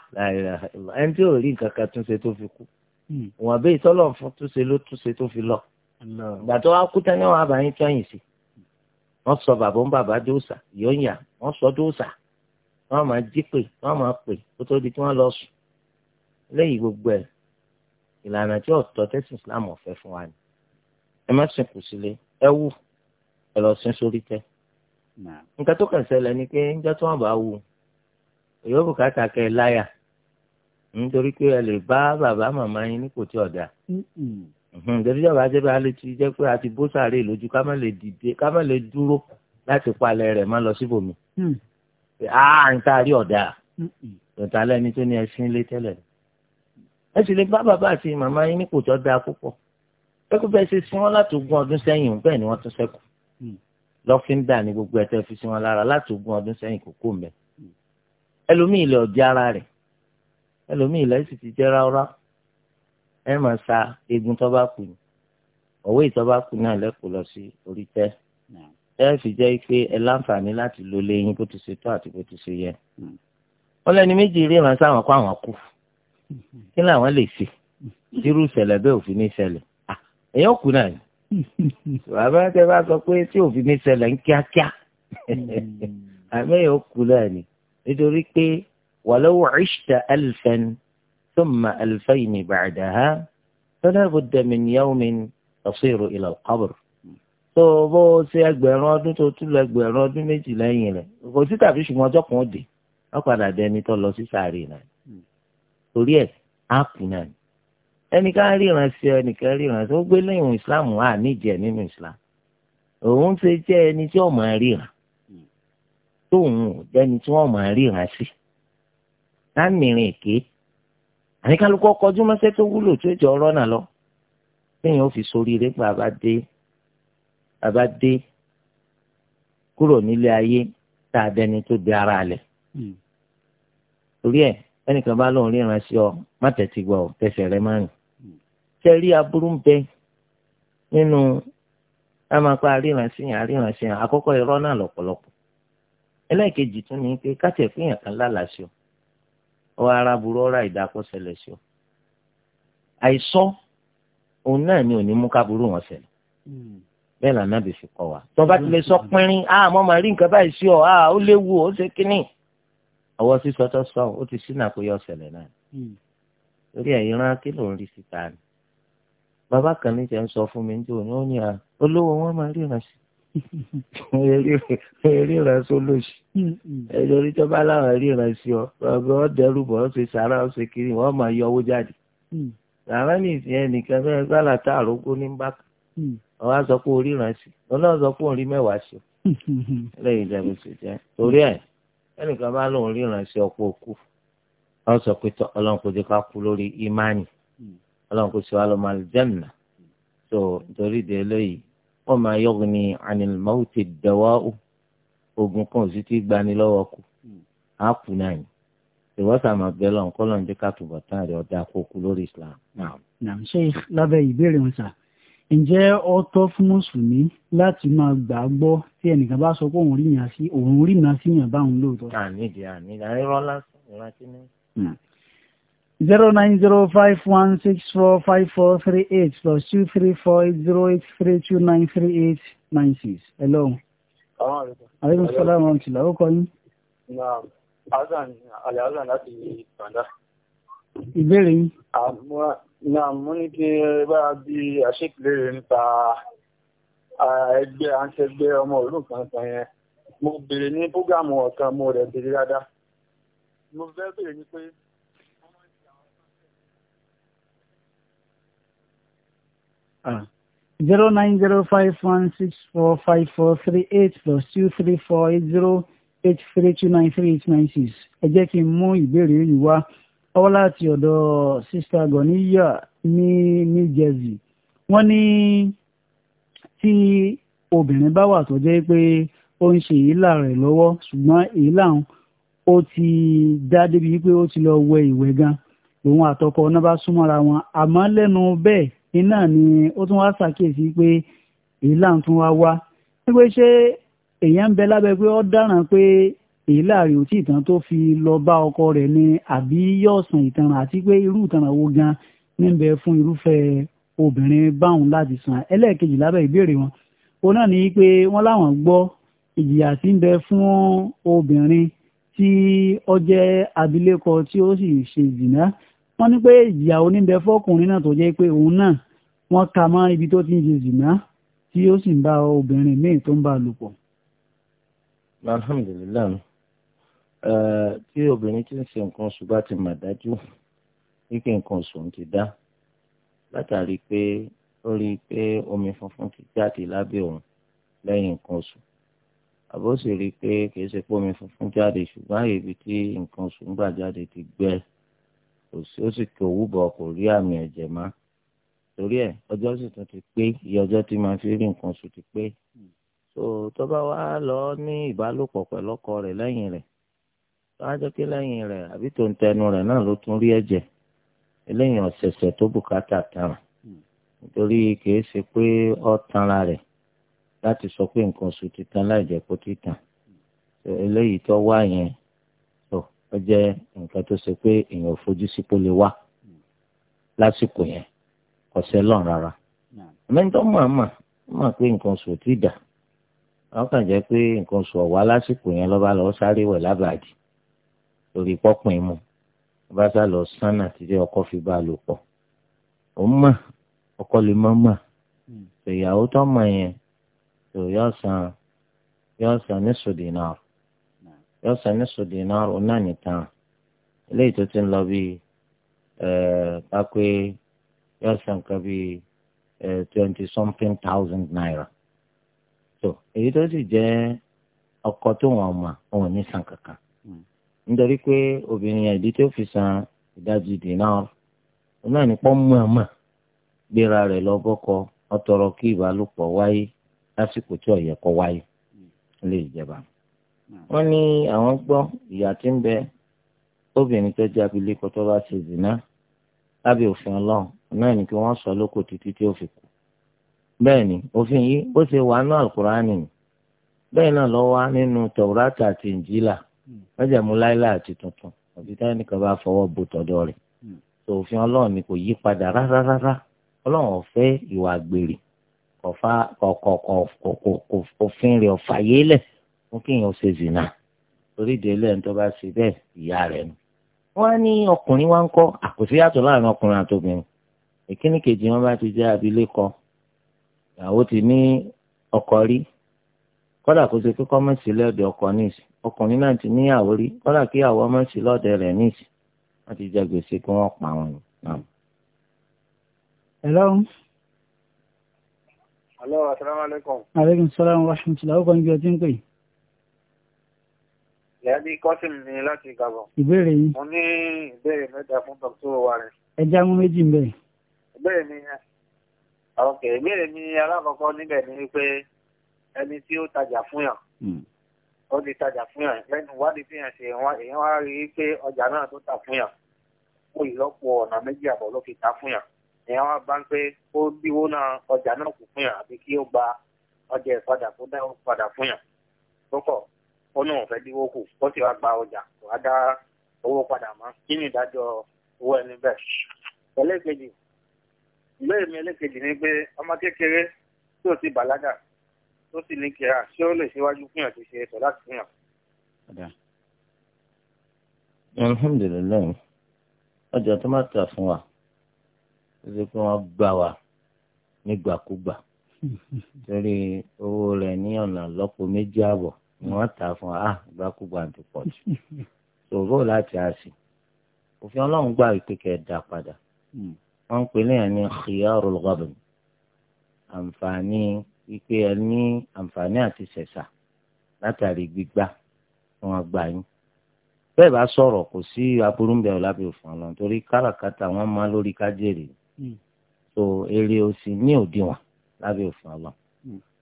ẹni tí ò rí nǹkan kan túnṣe tó fi kú hmm. wọn bẹ ìtọ́lọ̀ fún túnṣe ló túnṣe tó fi lọ ìgbà tó wá kú tẹ́lẹ̀ wọn àbáyé tẹ̀yìn sí wọn sọ bàbá ń bàbá dóòsà yóò yà wọn sọ dóòsà wọn máa jí pè wọn máa pè kó tó di kí wọn lọ sùn lẹ́yìn gbogbo ẹ̀ ìlànà tí ọ̀tọ̀ tẹ́sí Islam ọ̀fẹ́ fún wa ni ẹ má sìnkú sílé ẹ wù ẹ lọ sin sórí tẹ́ nǹkan tó kàn ṣẹlẹ̀ ni pé níjọ́ tí wọ́n bá wù yóò bùkátà kẹ́ ẹ láyà nítorí pé ẹ lè bá bàbá màmá yín nípò tí ọ̀dà nítorí ìjọba ajẹ́bẹ́ alẹ́ ti jẹ́ pé a ti bó sàárè lójú ká má lè dìde ká má lè dúró láti palẹ̀ rẹ̀ má lọ síbòmí àá ń taari ọ̀dà tòtà lẹ́ni tó ní ẹṣin lé tẹ́lẹ̀ ẹ sì lè bá bàbá àti màmá yín nípò tí ọ̀dà púpọ̀ pẹ́kú ṣe sí wọn láti ogún ọdún sẹ́yìn bẹ́ẹ̀ ni wọ́n tún ṣẹ́kù lọ́fíńdà ní gbogbo ẹ̀ tẹ́ fi sí wọn lára láti ogún ọdún sẹ́yìn kókó mẹ́ ẹlòmíì lè ọ̀jẹ́ ara rẹ̀ ẹlòmíì lè sì ti jẹ́ ráúrá ẹ máa sa eegun tó bá kù ọ̀wé ìtọ́ bá kù náà lẹ́kọ̀ọ́ lọ sí orí tẹ́ ẹ fi jẹ́ pé ẹ láǹfààní láti lo léyìn bó ti ṣe tó àti bó ti ṣe yẹ wọn lẹni méjì rí ìrànṣẹ́ àwọn kó àwọn kù kí làwọn lè ṣe irú ìṣẹ̀lẹ̀ bẹ́ẹ̀ òfin ní ìṣẹ̀lẹ̀ èèyàn kù náà bàbá tẹ bá sọ pé tí òfin mi ṣẹlẹ̀ ń kíákíá hmm. àmì yóò kú náà ni nítorí pé wàlọ́wọ́ ìṣtà ẹlfẹ́n tó ma ẹlfẹ́yìn ìbàdà ha tọ́lá bó dẹ̀mí níyàwó mi ọ̀ṣẹ́rò ilẹ̀ ọ̀kọ́bùrù tó o bó ṣe ẹgbẹ̀rún ọdún tó tún lọ ẹgbẹ̀rún ọdún méjì lẹ́yìn rẹ̀ kò sí tàbí ṣùgbọ́n ọjọ́ kan ó dé wọ́n padà dẹni tó lọ sí sàárè náà hmm. torí ẹ̀ á kú náà ẹnìkan ríran sí ọ ẹnìkan ríran sí ọ gbé lẹ́yìn islam wà níjẹ nínú islam òun ṣe jẹ́ ẹni tí ọmọ ríran tóun jẹ́ni tí wọ́n máa ríran sí lámìrin èké àníkálukú ọkọjú mọ́sẹ́ tó wúlò tó jọ ọ̀rọ̀ náà lọ téèyàn ó fi sórí rẹ̀ pé àbá dé kúrò nílé ayé tá a dẹni tó di ara alẹ̀ hmm. torí ẹ̀ ẹnìkan bá lóun ríran sí ọ má tẹ̀sí gbọ́ tẹsẹ̀ rẹ má rìn tẹ̀rí aburú ń bẹ nínú ẹ máa pa àríyànjú yẹn àríyànjú yẹn àkọ́kọ́ irọ́ náà lọ́pọ̀lọpọ̀ ẹlẹ́ẹ̀kejì tún ní pé káàtì ẹ̀fínyàn kan lálàsọ ọwọ́ ara burú ọ̀rá ìdákọ́sẹ̀lẹ̀ sọ àìsọ òun náà ni òní mú káburú wọn ṣẹlẹ̀ hmm. bẹ́ẹ̀ lànà bí fi kọ́ wa tó bá tilẹ̀ sọ pínrín a mọ́ màá rí nǹkan báyìí sí ọ a ah, ó léwu ó ṣe kínní ọwọ́ sísọ tó sọ ó ti sínú àkóyọ̀ ṣẹlẹ̀ náà lórí hmm. ẹ̀yìn rán kí ló ń rí síta ni bàbá kan níjẹ ń sọ fún mi ní òní ó ní à olówó wọn máa ríran sí ríran sí olóṣì ẹjọ oníjọba láwọn ríran sí ọ bàbá ọ dẹrùbọ ọ ṣe sàrà ọ ṣe kiri wọn máa yọ owó jáde sàrà mm. ní ìsìn ẹnìkan fẹẹ gbàlà tá àrógó ní bá ọwọ mm. sọ pé orí ràn sí ọlọ́run sọ pé orí mẹ́wàá sí lẹ́yìn ìjẹun sì jẹ torí ẹ ẹnìkan bá lóun ríran sí ọ̀pọ̀ òkú ọ ọlọ́run kò sí wa lọ́mọ alìjẹ́nà tó nítorí de eléyìí wọ́n máa yọ̀gùn ní ànilmọ́wò ti dẹ̀wọ́ o oògùn kan ò sì ti gbani lọ́wọ́ kù á kù náà ni ìwọ́sà máa bẹ lọ́run kọ́ lọ́run jẹ́ ká tùbọ̀ tán rẹ̀ ọ̀dà àkókò lórí Islam. naam sheikh lábẹ́ ìbéèrè wọn sà ǹjẹ́ ó tọ́ fún mùsùlùmí láti máa gbà á gbọ́ tí ẹnìkan bá sọ pé òun rí ìyàn òun rí ìyàn sí báwọn lóòótọ́. àníjì àníjì àìrọ́lá ìrántí zero nine zero five one six four five four three eight plus two three four eight zero eight three two nine three eight nine six. hello. aleykum salaam wa rahmatulah o kọ yín. na azan alẹ́ azan láti gbàndà. ìbéèrè yín. àmọ́ náà mo ní kí ẹ bá bí àṣekìlérè nípa ẹgbẹ́ àǹtẹ̀gbẹ́ ọmọ òlù kan kan yẹn mo béèrè ní prógámù ọ̀kan mo rẹ̀ béèrè dáadáa mo fẹ́ béèrè ní pé. Ah. zero nine zero five one six four five four three eight plus two three four eight zero eight three two nine three eight nine six ẹ jẹ́ kí n mú ìbéèrè yìí wá ọwọ́ láti ọ̀dọ̀ sista goniya ní New Jersey wọ́n ní tí obìnrin bá wà tó jẹ́ pé ó ń ṣe èélà rẹ̀ lọ́wọ́ ṣùgbọ́n èélà ń ó ti dá débi pé ó ti lọ wẹ ìwẹ̀ gan lòun àtọkọ náà bá súnmọ́ra wọn àmọ́ lẹ́nu bẹ́ẹ̀ iná ni ó tún wá ṣàkíyèsí pé èélà ń tún wá wá pé ṣé èèyàn ń bẹ lábẹ́ pé ó dáràn pé èélà rẹ̀ ò tí ìtàn tó fi lọ bá ọkọ rẹ̀ ni àbí yóò sàn ìtanràn àti pé irú ìtanràn wo gan ní bẹ fún irúfẹ́ obìnrin báwọn láti san ẹlẹ́ẹ̀kejì lábẹ́ ìbéèrè wọn òun náà ní pé wọ́n láwọn gbọ́ ìjìyà tí ń bẹ fún obìnrin tí ó jẹ́ abilékọ tí ó sì ṣe ìdìnnà wọ́n ní pé ìyà oníbẹ̀ fọ́kùnrin náà tó jẹ́ pé òun náà wọ́n ka mọ́ ibi tó ti ń ṣe zìnà tí ó sì ń bá obìnrin míì tó ń bá lò pọ̀. alhamdulilayi tí obìnrin ti ń ṣe nǹkan oṣù bá ti mà dájú wípé nǹkan oṣù ń ti dá látàrí pé ó rí i pé omi funfun ti jáde lábẹ́ òun lẹ́yìn nǹkan oṣù àbó sì rí i pé kì í ṣe pé omi funfun jáde ṣùgbọ́n ibi tí nǹkan oṣù ń gbà jáde ti gbẹ ó sì tó owó bọ̀ kò rí àmì ẹ̀jẹ̀ má torí ẹ̀ ọjọ́ sì tún ti pé iye ọjọ́ tí máa fi rí nǹkan oṣù ti pé so tó bá wá lọ ní ìbálòpọ̀ pẹ̀lú ọkọ rẹ̀ lẹ́yìn rẹ̀ tó á jẹ́ pé lẹ́yìn rẹ̀ àbí tó ń tẹnu rẹ̀ náà ló tún rí ẹ̀jẹ̀ eléyìí ọ̀sẹ̀sẹ̀ tó bùkátà tara nítorí kìí ṣe pé ó tanra rẹ̀ láti sọ pé nǹkan oṣù ti tán láì jẹ́ kó ti tàn eléyìí tó wá yẹn ó jẹ́ nǹkan tó ṣe pé èèyàn ò fojú sí kó lè wá lásìkò yẹn kò sẹ́ lọ́n rárá. mẹ́ńtọ́ mọ̀ mọ̀ mọ̀ pé nǹkan oṣù ti dà wọ́n kàn jẹ́ pé nǹkan oṣù ọ̀wá lásìkò yẹn lọ́ba lọ́ọ́ sáré wẹ̀ lábàdì lórí pọ́pìn mu bá sá lọ sánà títí ọkọ fi bá a lò pọ̀ òun mọ̀ ọkọ lè mọ̀ mọ̀ ìyàwó hmm. tó mọ̀ yẹn yóò san yóò san ní sùdìnnà yóò san dị dìnnàrò náà nìkan eléyìí tó ti ń lọ bíi bá eh, pé ka san eh, something thousand naira so èyí tó sì jẹ́ ọkọ tó wọn mà òun ní san kankan hmm. nítorí pé obìnrin yẹn tó fi san ìdajì dìnnàrò ọtọrọ kí ìbálòpọ̀ wáyé lásìkò tí wáyé hmm. lè jẹba. wọ́n ní àwọn gbọ́ ìyà tí ń bẹ obìnrin tó jẹ́ abilékọ tó bá ṣe zìnà lábẹ́ òfin ọlọ́run náà ni kí wọ́n sọ lóko títí tí ó fi kú bẹ́ẹ̀ ni òfin yìí ó ṣe wà nínú àlùkùránì ni bẹ́ẹ̀ náà ló wà nínú tọ̀wúrátà àti ìnjílà májẹ̀mú láílà àti tuntun àti táyẹ̀nì kan bá fọwọ́ bo tọ̀dọ̀ rẹ̀ tó òfin ọlọ́run ni kò yí padà rárá rárá ọlọ́run ìwà àgbèrè kò fa kò kò kò òfin rẹ̀ ọ̀fà yélẹ̀ fún kéèyàn ó ṣe zina torí délé ẹni tó bá ṣe bẹ́ẹ̀ ìyá rẹ̀ nù. wọ́n á ní ọkùnrin wa ń kọ́ àkòsí yàtọ̀ láàrin ọkùnrin àtòbìnrin ìkíní kejì wọn bá ti jẹ́ abilékọ ìyàwó ti ní ọkọ rí kódà kó ṣe kíkọ́ mọ̀sí lọ́dọ̀ ọkọ níìsì ọkùnrin náà ti níyàwó rí kódà kíyàwó mọ̀sí lọ́dọ̀ rẹ̀ níìsì wọ́n ti jẹ gbèsè kí wọ́n pa wọn náà. hello. hello asalaamualeykum. aleykum salaam wa rahmatulah. ó kàn ń bí ọtí ń pè yìí. Ìyáàbí Kọ́sìm ni láti Gabon. Ìbéèrè yìí. Mo ní ìbéèrè mẹ́ta fún Dr. Warren. Ẹ méjì mbẹ. Ìbéèrè mi ok ìbéèrè mi alákọ̀ọ́kọ́ níbẹ̀ ni pé ẹni tí ó tajà fún yàn. Hmm. Ó ti tajà fún yàn lẹ́nu fi hàn èèyàn wá rí i pé ọjà náà tó tà fún yàn. ìlọ́pọ̀ ọ̀nà méjì àbọ̀ ló fi ta fún yàn. bá ń pé díwó náà ọjà náà kù fún gba ọjà ìpadà tó dá ó náà fẹ́ dínwó kù ó sì wá gba ọjà kò wá dá owó padà mọ́ kí ni ìdájọ́ owó ẹni bẹ́ẹ̀. ẹlẹ́kejì ìbéèrè mi ẹlẹ́kejì ni pé ọmọ kékeré tí ò sì bàlágà tó sì ní kíra ṣé ó lè ṣíwájú fún yàn ti ṣe sọ láti fún yàn. alhamdulilayi ọjà tó máa tà fún wa ó ṣe pé wọ́n gbà wá nígbàkúgbà torí owó rẹ̀ ní ọ̀nà lọ́pọ̀ méjì ààbọ̀ ni wọ́n tà fún ah ìgbàkúgbà ti pọ̀ jù ṣòro láti àṣì òfin ọlọ́run gbà wípé kẹ́ ẹ dá padà hmm. wọ́n ń pè léyìn ní khiyarul ghabn àǹfààní wípé ẹ ní àǹfààní àti ṣẹ̀ṣà látàrí gbígbà wọn gbà yín bẹ́ẹ̀ bá sọ̀rọ̀ kò sí aburú ń bẹ̀rù lábẹ́ òfin ọlọ́run torí káràkátà wọn máa lórí kájèrè hmm. so èrè òsì ní òdiwọ̀n lábẹ́ òfin ọlọ́run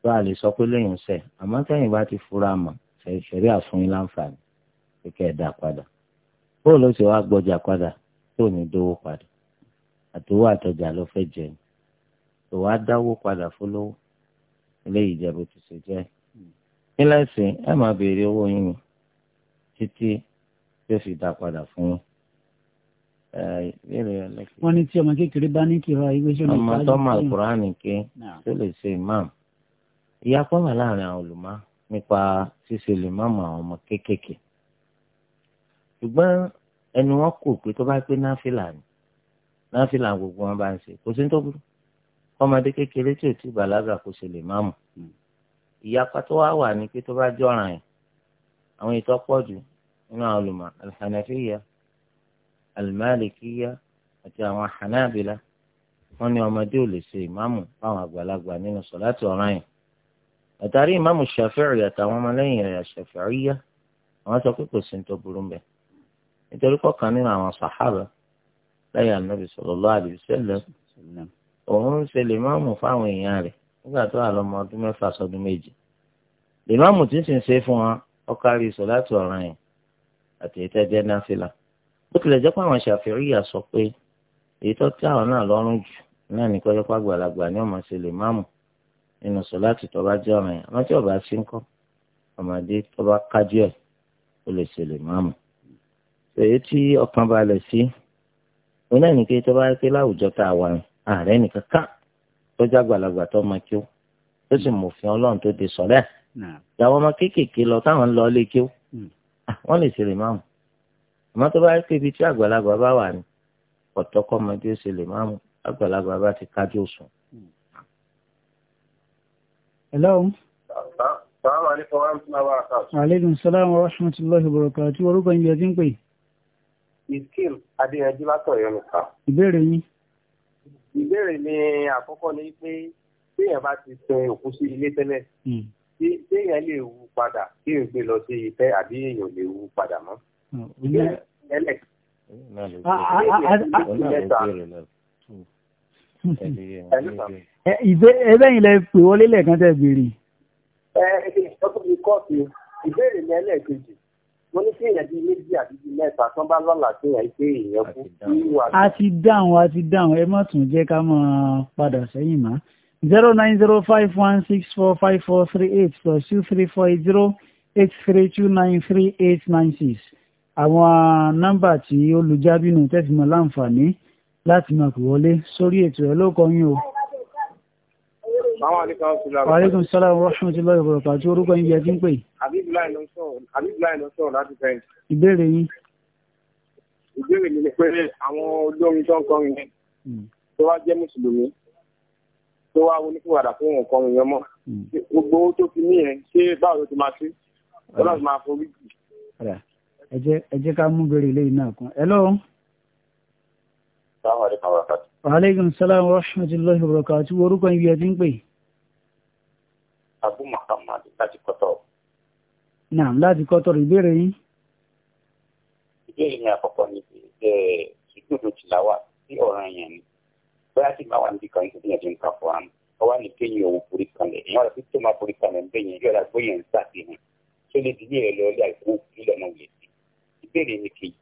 bá a lè sọ pé lẹ́yìn sẹ̀ àmọ́ tẹ́yìn bá ti fura mọ̀ ṣẹ̀rí àfúnyín láǹfààní pé kẹ́ padà bóòlù ó sì wá gbọ́jà padà tó ní dówó padà àtòwò àtọjà ló fẹ jẹ tó wá dáwó padà fúlówó eléyìí jẹ bó ti ṣe jẹ ẹ máa béèrè owó yín títí tí ó fi bá ní kí ọ ìwé ṣe ọmọ tó imam ìyapọ̀ wà láàrin àwọn olùmọ̀ nípa ṣíṣe lè má mọ àwọn ọmọ kéékèèké ṣùgbọ́n ẹnu wọn kò pé tó bá pé náfìlà ni náfìlà gbogbo wọn bá ń ṣe kò sí tó burú ọmọdé kékeré tí ò tí bàlágà kò ṣe lè má mọ hmm. ìyapa tó wá wà ní pé tó bá jọràn yẹn àwọn ètò pọ̀ jù nínú àwọn olùmọ̀ alhànàfíyà alimalikiya àti àwọn hanabila wọn ni ọmọdé ò lè ṣe ìmáàmù fáwọn àgbàlagbà nínú sọláàtì ọ̀ràn yẹn àtàrí ìmáàmù Ṣàfi'í àtàwọn ọmọlẹ́yìn rẹ̀ Ṣàfi'íyà àwọn sọ pé kò sí nítorí burú mbẹ nítorí kọkàn nínú àwọn sàhábà lẹ́yìn ànábì sallallahu alaihi wasallam òun ń ṣe lèmáàmù fáwọn èèyàn rẹ̀ nígbà tó wà lọ́mọ ọdún mẹ́fà sọdún méje lèmáàmù tí ń sì ń ṣe fún wọn ọkàrí sọ̀láàtì ọ̀ràn yẹn àti ètò ẹ̀jẹ̀ náfìlà bó tilẹ̀ jẹ́ pé àwọn Ṣàfi'íyà sọ pé èyí tó tẹ́ àwọn náà lọ́rùn jù náà ní kọ́jọ́pá àgbàlagbà ni ọmọ ṣe lèmáàmù nínú sọláàtì tó bá jẹ́ ọ̀ràn yẹn àmọ́ tí ọba sí ń kọ́ ọmọdé tó bá kájú ẹ̀ ó lè ṣe lè máàmù. èyí tí ọkàn balẹ̀ sí oní ẹnìké tó bá pé láwùjọ tá a wà ní ààrẹ nìkan ká tó jágbàlagbà tó máa kí ó tó sì mòfin ọlọ́run tó de sọ̀rẹ́ ìyàwó ọmọ kéékèèké lọ táwọn ń lọ ilé kí ó hmm. wọ́n lè ṣe lè máàmù àmọ́ tó bá pé ibi tí àgbàlagbà bá wà ní ọ̀tọ́kọ́ ọmọdé ó ṣe lè máàmù Hello. Assalamu alaikum warahmatullahi wabarakatuh. Wa alaikum assalam warahmatullahi wabarakatuh. Orúkọ ìyẹ̀ tí ń pè. Iskil Adéyanjú látọ̀yọ́ nìkan. Ìbéèrè yín. Ìbéèrè mi àkọ́kọ́ ni pé téèyàn bá ti sin òkú sí ilé tẹ́lẹ̀. Hmm. Téèyàn lè wú padà kí èèyàn gbé lọ sí ìfẹ́ àbí èèyàn lè wú padà mọ́. Hmm. Ẹlẹ́kẹ̀ẹ́ ẹbẹ́yìn lẹ pè wọlé lẹ́ẹ̀kan tẹ́ béèrè. ẹ ẹ ìtọ́kùnrin kọ́ọ̀tù ìbéèrè mi ẹlẹ́ẹ̀kejì mo ní kí èèyàn bíi méjì àti bíi mẹ́ta tó bá lọ́la sí èèyàn pé èèyàn kú sí wà. a ti dáhùn a ti dáhùn ẹ má tún jẹ́ ká máa padà sẹ́yìn mọ́ zero nine zero five one six four five four three eight plus two three four eight zero eight three two nine three eight nine six àwọn nọ́mbà tí olùjábínú tẹ́sí mọ́ láǹfààní láti máa pè wọlé sórí ètò ẹ̀ ló kọ́ yín o. Wàhálẹ́kùn sọ́lá rahmatullahi wa barakatuh tí orúkọ yìí yẹ kí ń pè. Àbíbùláì ló ń sọ̀rọ̀ láti fẹ́. Ìbéèrè yín. Ìbéèrè mi ni pé àwọn olórin tó ń kọrin yẹn hmm. tó wá jẹ́ Mùsùlùmí tó wá oníkùwàdà fún òun kọrin yẹn mọ́. Hmm. Gbogbo owó tó fi ní yẹn ṣé báwo ló ti máa ṣe? Bọ́lá ti máa forí jù. Ẹ jẹ́ ká mú bèrè ilé iná kan. Ẹ lọ́wọ́. Assalamu alaikum warahmatullahi wabarakatuh. Wàhálẹ́kùn sọ́lá rahmatullahi wa barakatuh tí orúkọ yìí yẹ kí ń pè abu muhammad láti kọ́tọ̀. naam láti kọ́tọ̀ ìbéèrè yín. ìbéèrè mi àkọ́kọ́ ni ẹ ṣùgbọ́n tìláwà sí ọ̀ràn yẹn ni bóyá sì máa wà níbi kan nítorí ẹ̀jẹ̀ nǹkan fún wa ọwọ́ ni kéyìn òun forí kanlẹ̀ èèyàn rẹ̀ tó máa forí kanlẹ̀ ń bẹ̀yìn yóò rà gbóyè ń sàfihàn tó lè dìde ẹ̀ lọ́ọ́lẹ́ àìkú nílẹ̀ náà sí ìbéèrè mi kejì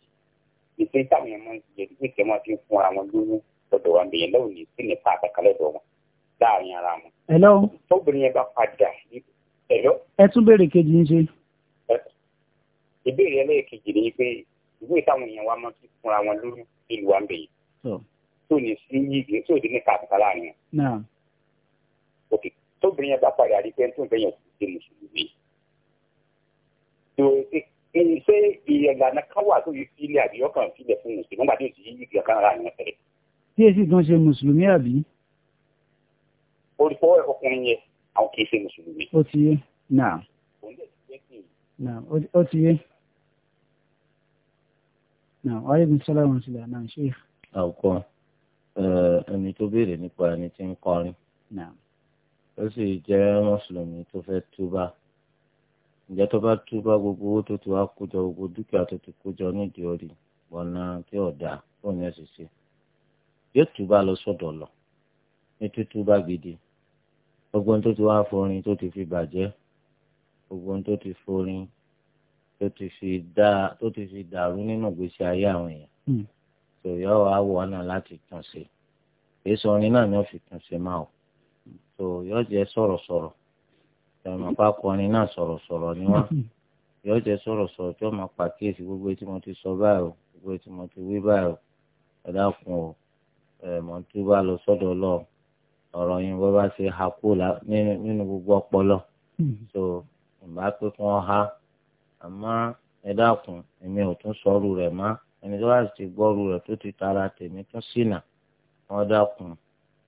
ìṣe táwọn èèyàn máa ń ṣe ìdíje kẹ́ máa fi fún ara wọn lóyún lọ́dọ̀ wa bẹ̀yẹn lọ́wọ́ ní sí nípa àtàkálẹ̀ dọ̀ láàrin ara wọn. ẹ̀lọ́. tóbìnrin yẹn bá padà sí ẹ̀lọ́. ẹ tún béèrè kejì ń ṣe. ìbéèrè ẹlẹ́ẹ̀kejì ni pé ìwé táwọn èèyàn wa máa ti fúnra wọn lórí ìlú wa ń bẹ̀ yìí. tó ní sí yìí tó ní kàkàkà láàrin wọn. ok tóbìnrin yẹn bá padà rí pé tó ń bẹ̀yàn kò sí mùsùlùmí. tó o ti ṣe ìyẹ̀lànà káwà tó yí sílẹ̀ àbí ọkàn sílẹ̀ fún mùsùlùmí nígbà tó ti yí ìgbà kan láàrin wọn tẹ̀lé. tí èsì gan ṣe mùsùlùmí orúkọ ọkùnrin yẹn àwọn kì í ṣe mùsùlùmí. ó ti yé náà náà ó ti yé náà wàá yẹ kí n sọlá wọn sílẹ̀ náà ṣe. àwòkọ ẹni tó béèrè nípa ẹni tí ń kọrin ó sì jẹ́ mùsùlùmí tó fẹ́ túbà ǹjẹ́ tó bá túbà gbogbo owó tó ti wá kójọ gbogbo dúkìá tó ti kójọ nídìí orí ọ̀nà tí ọ̀dà fóònù ẹ̀ sì ṣe yóò túbà lọ sọ́dọ̀ lọ ní tútúbà gidi gbogbo ohun tó ti wá forin tó ti fi bàjẹ́ gbogbo ohun tó ti forin tó ti fi dá tó ti fi dàrú nínú ìgbésí ayé àwọn èèyàn tòyọ́ hmm. wa wọ̀ ọ́nà láti tún ṣe èso orin náà ni wọ́n fi tún ṣe máa o tòyọ́ jẹ́ sọ̀rọ̀sọ̀rọ̀ tẹ̀wọ̀n pa kọrin náà sọ̀rọ̀sọ̀rọ̀ ni wọ́n hmm. yóò jẹ́ sọ̀rọ̀sọ̀rọ̀ tí wọ́n máa pàkíyèsí gbogbo tí mo ti sọ báyìí o gbogbo tí mo ti wí báyìí o ẹ̀dá kun o ẹ̀ mọ̀ tí ó bá lọ sọ́dọ̀ ọlọ́run ọ̀rọ̀ yín bó bá ṣe ha kú nínú gbogbo ọpọlọ hmm. so ìgbà pé kí wọ́n ha àmọ́ ẹ dákun èmi ò tún sọ̀rù rẹ̀ mọ́ ẹni tó bá ti gbọ́rù rẹ̀ tó ti tara tèmi tún ṣìnà wọ́n dákun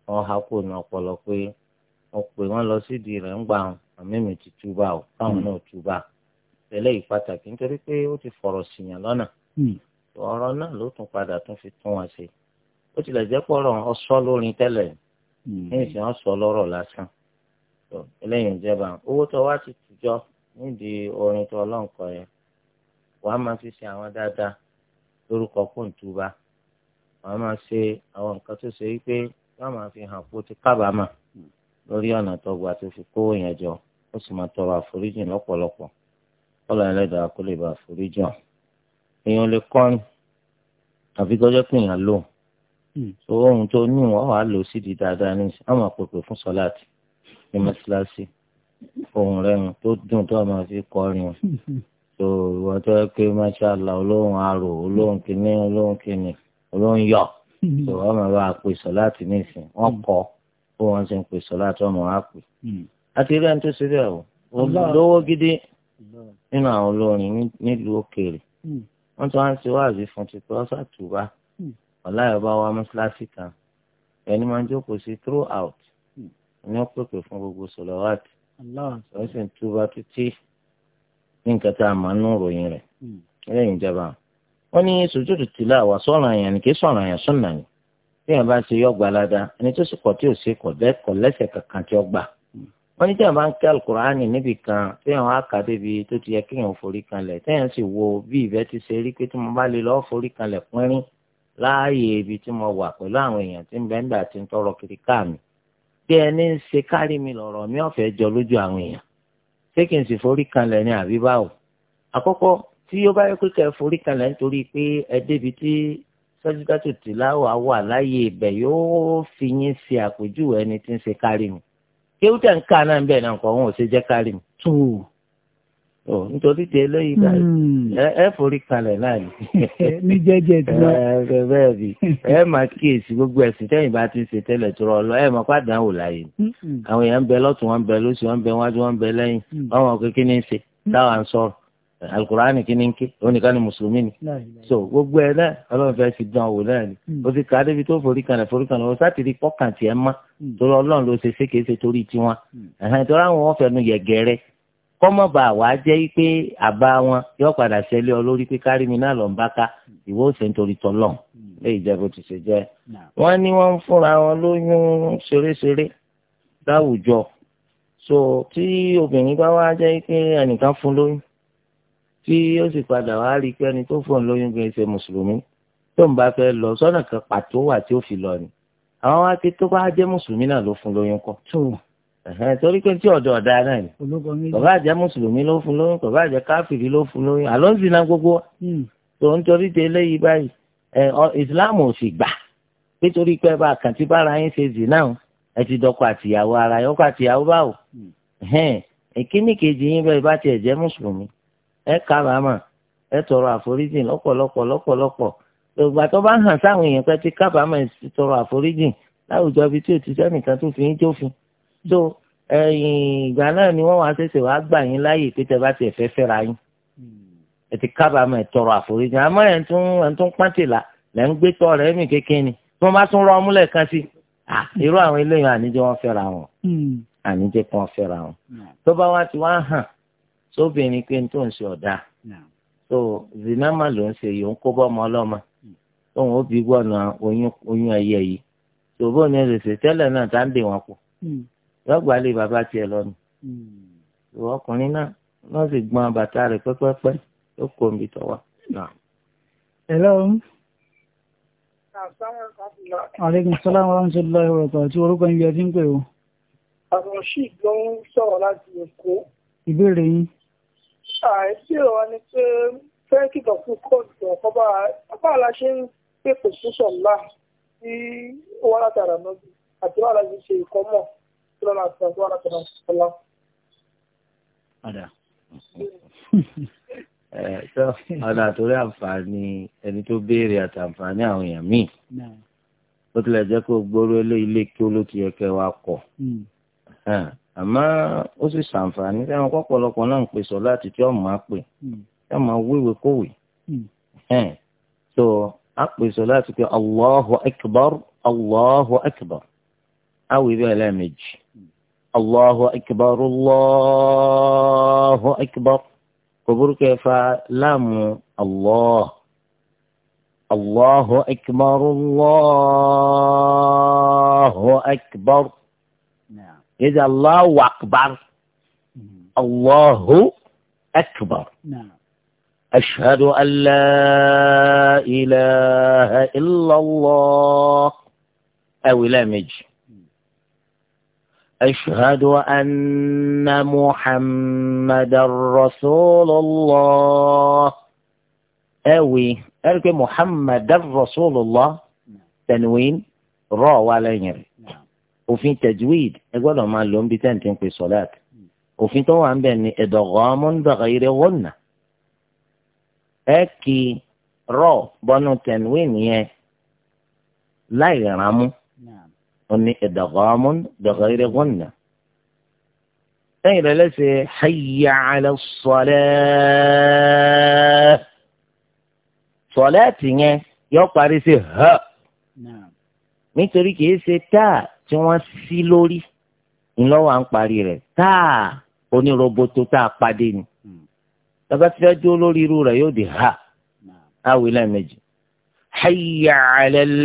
wọ́n ha kú ní ọpọlọ pé wọ́n pè wọ́n lọ sídìí rẹ̀ ń gbà wọn àmì mi ti túbà o káwọn náà túbà tẹ́lẹ̀ yìí pàtàkì nítorí pé ó ti fọ̀rọ̀ síyàn lọ́nà hmm. ọ̀rọ̀ náà ló tún padà tún fi tún wọn ṣe ó tilẹ̀ jẹ́ pọ̀rọ̀ ọ̀ṣọ́ lórin tẹ́lẹ̀ ní ìsìn wọn sọ lọ́rọ̀ lásán eléyìí ń jẹba owó tó wá ti tùjọ nídìí orin tó ọlọ́nkọ yẹn wàá máa fi ṣe àwọn dáadáa lórúkọ pòǹtùbà wàá máa ṣe àwọn nǹkan tó ṣe wípé wàá fi hàn kó ti kábàámà lórí ọ̀nà tọgbà tó fi kó yẹn jọ ó sì máa tọrọ àforíjì lọ́pọ̀lọpọ̀ ẹlẹ́dàá kó lè àforíjì èèyàn lè kọ́ni Hmm. owó ohun tó ní wọn wàá lò sídìí dáadáa ní àwọn àpèpè fún sọláàtì ní hmm. mọ́ṣáláṣí ohun rẹ̀ tó dùn tó máa fi kọrin hmm, o tó ìwọ tó yẹ pé máṣáláà olóhùn arò olóhùn kìíní olóhùn kìíní olóhùn yọ tó wọn máa bá pè sọláàtì ní ìsìn wọn kọ bó wọn ṣe ń pè sọláàtì wọn máa pè àti rí ẹni tó ṣe bẹ́ẹ̀ o olówó gidi nínú àwọn olórin nílùú òkèèrè wọn tún wá ń ṣe wáàzí fún tipẹ́ ọ́sàtúbà ọ̀láyọ̀bá wa mọ́ṣáláṣí kan ẹni máa ń jókòó sí throughout ní ọ̀pẹ̀pẹ̀ fún gbogbo sọ̀lọ́wàtì wọ́n sì ń túbọ̀ títí ní nǹkan tá a máa ń nú ìròyìn rẹ̀ hmm. ìjọba wọ́n ní sùjúdù tìláwà sọ̀ràn àyàn nìké sọ̀ràn àyàn sọ̀nà ni bí wọ́n bá ṣe yọ gbalada ẹni tó sì kọ̀ tí ò sí kọ̀ lẹ́sẹ̀ kankan tí ó gbà hmm. wọ́n ní tí wọ́n bá ń kí alukur'ani níbì kan tí wọ́n á kà débi tó ti yẹ kéèyàn forí kanlẹ̀ tí wọ́n sì wo bí ìbẹ́ ti ṣe rí pé tí mo bá lè lọ́ọ́ forí kanlẹ̀ pínrín láàyè ibi tí mo wà pẹ̀lú àwọn èèyàn tí ń bẹ ń dà tí ń tọrọ kiri ká mi bí ẹni ń ṣe kárí mi lọ̀rọ̀ mi ọ̀fẹ́ jọ lójú àwọn èèyàn ṣé kí n sì forí kanlẹ̀ ní àbí báwo àkọ́kọ́ tí ó bá yẹ pé kẹ́ ẹ forí kanlẹ̀ nítorí pé ẹ débi tí sọ́júdátù tìláwà wà láàyè ibẹ̀ yóò fi yín ṣe àpèjúwe ẹni tí ń ṣe kárí mi kéwútẹ̀ ń ká náà ń bẹ̀ náà kọ́ wọn ò ṣe jẹ́ kárí mi tùù o nítorí tí eléyìí bá hmm. ẹ forí kalẹ̀ náà ni. ní jẹ́jẹ́ tí wọ́n. ẹ bẹ́ẹ̀ bi ẹ máa kíyèsí gbogbo ẹ̀sìn tẹ́yìn bá ti ṣe tẹ́lẹ̀ tó rọ lọ ẹ máa pàdán wò láàyè ni. Hmm. àwọn èèyàn ń bẹ lọ́tún wọn ń bẹ lóṣù wọn ń bẹ wájú wọn ń bẹ lẹ́yìn wọn wọn kékeré ní í ṣe hmm. táwa ń sọ̀rọ̀ alukurani kí ni ń ké oníkan ni mùsùlùmí ni so gbogbo ẹ náà ọlọ́run fẹ́ẹ́ fi dán wò náà o ti kàá débi tó forí kalẹ̀ forí kalẹ̀ o sátìrí pọ́kàn tiẹ̀ mọ́ torí ọlọ́run ló ṣe ṣéke ṣe torí tiwọn ẹ̀hẹ́n torí àwọn wọn fẹnu yẹ̀gẹ̀rẹ̀ kọ́mọ̀ bá wa jẹ́ pé àbá wọn yóò padà ṣẹlẹ̀ ọ lórí pé kárí mi náà lọ ń bá ká ìwọ ò ṣe ń torí tọ́lọ̀ hmm. léyìí jẹ́ ti ṣe jẹ́. wọ́n ní wọ́n ń fúnra wọn lóyún ṣeréṣeré láwùjọ so tí obìnrin bá wá jẹ́ pé ẹnìkan fún lóyún tí ó sì padà wá rí i pé ẹni tó fún lóyún kì í ṣe mùsùlùmí tó ń bá fẹ́ lọ sọ́nà kan pàtó wà tí ó fi lọ ni àwọn wá pé tó bá jẹ́ mùsùlùmí náà ló fún lóyún kọ́ tó wù torí pé tí ọ̀dọ̀ ọ̀dà náà ni kò bá jẹ́ mùsùlùmí ló fún lóyún kò bá jẹ́ káfíìrì ló fún lóyún àlọ́ ń zina gbogbo wa hmm. tó ń torí de eléyìí báyìí ìsìláàmù ò sì gbà nítorí pé bá a kàn ti bára yín ṣe zina o ẹ ti dọkọ àtìyàwó ara yín ọkọ àtìyàwó báwo hmm. ìkíní kejì yín bẹ́ẹ̀ bá tiẹ̀ jẹ́ mùsùlùmí ẹ kábàámà ẹ tọrọ àforíjìn lọ́pọ̀lọpọ̀ lọ́pọ̀lọpọ̀ ìgbà tó bá so ìgbà náà ni wọ́n wá ṣẹ̀ṣẹ̀ wá gbà yín láàyè pé tẹ́ bá tiẹ̀ fẹ́ fẹ́ra yín ẹ ti kábàámọ̀ ẹ tọrọ àforíjì àmọ́ ẹ̀ tún ẹ̀ tún pàǹtìlà lẹ́ ń gbé tọ́ rẹ̀ mí kékeré ni tí wọ́n bá tún rọ ọmúlẹ̀ kan sí irú àwọn eléyìí àníjẹ́ wọn fẹ́ra wọn hmm. àníjẹ́ kan fẹ́ra wọn hmm. tó bá wá ti wá hàn sóbìnrin pé n tó ń ṣe ọ̀dà tó hmm. zinama ló ń ṣe yìí ó ń kó bọ́mọ ọlọ́mọ tóun ó bí gbọ́nà oyún ẹyẹ yìí tòbó ni ẹ lè ṣe tẹ́lẹ̀ náà tá ń dè wọn kù yọgbà lé bàbá tiẹ̀ lọ́nu hmm. ìwọ ọkùnrin náà wọ́n sì gbọ́n bàtà rẹ̀ pẹ́pẹ́pẹ́ tó kó omi tọ̀ wá. hello. aleykum salaam wa rahmatulahi wa barakatuh tí orúkọ ibi ẹtí ń pè o. àwọn sheik ló ń sọ̀rọ̀ láti èkó. ìbéèrè yín. àìsíò wa ni pé fẹ́ kíkọ̀ fún kóòtù ọ̀kọ́ bá a la ṣe ń pèpè fún sọ̀lá sí wàhálà tààrà àti wàhálà yìí ṣe ìkọ́mọ̀ lọ́la àti àti wàhálà kọ̀ọ̀kan ọ̀la. ọ̀dà eh, ọ̀dà torí àǹfààní ẹni tó béèrè àti àǹfààní àwọn èèyàn míì ó tilẹ̀ jẹ́ kó gbóró ilé kí ó ló ti yẹ kẹ́ wa kọ̀ hmm. àmọ́ ó sì ṣàǹfààní táwọn pọ̀pọ̀lọpọ̀ náà ń pè sọ láti tí ọmọ á pè hmm. tí ọmọ wíwèé kówèé hmm. so á pè sọ láti pé Allahu akbar Allahu akbar á wí bẹ́ẹ̀ lẹ́ẹ̀mejì الله أكبر الله أكبر كيف فلام الله الله أكبر الله أكبر نعم إذا الله أكبر الله أكبر نعم أشهد أن لا إله إلا الله أو لا مجي أشهد أن محمد رسول الله أوي قال محمد رسول الله تنوين را ولا ينري وفي تجويد يقول ما اللون بتنتين في صلاة وفي تو عم بني إدغام بغير غنة أكي را بنو تنوين يه لا يرامو wọ́n ní idghamun bi ghayri ghanna lẹ́yìn rẹ̀ lẹ́sẹ̀ hayya ala salat sọ̀lẹ́ẹ̀tì yẹn yọ parí sí ha nítorí kìí ṣe táà tí wọ́n sí lórí ńlọ́wọ́ à ń parí rẹ̀ táà oníroboto táà padé ni lọ́ba hmm. tí wọ́n dúró lórí irú rẹ̀ yóò di ha awìlẹ̀ méjì hayya ala al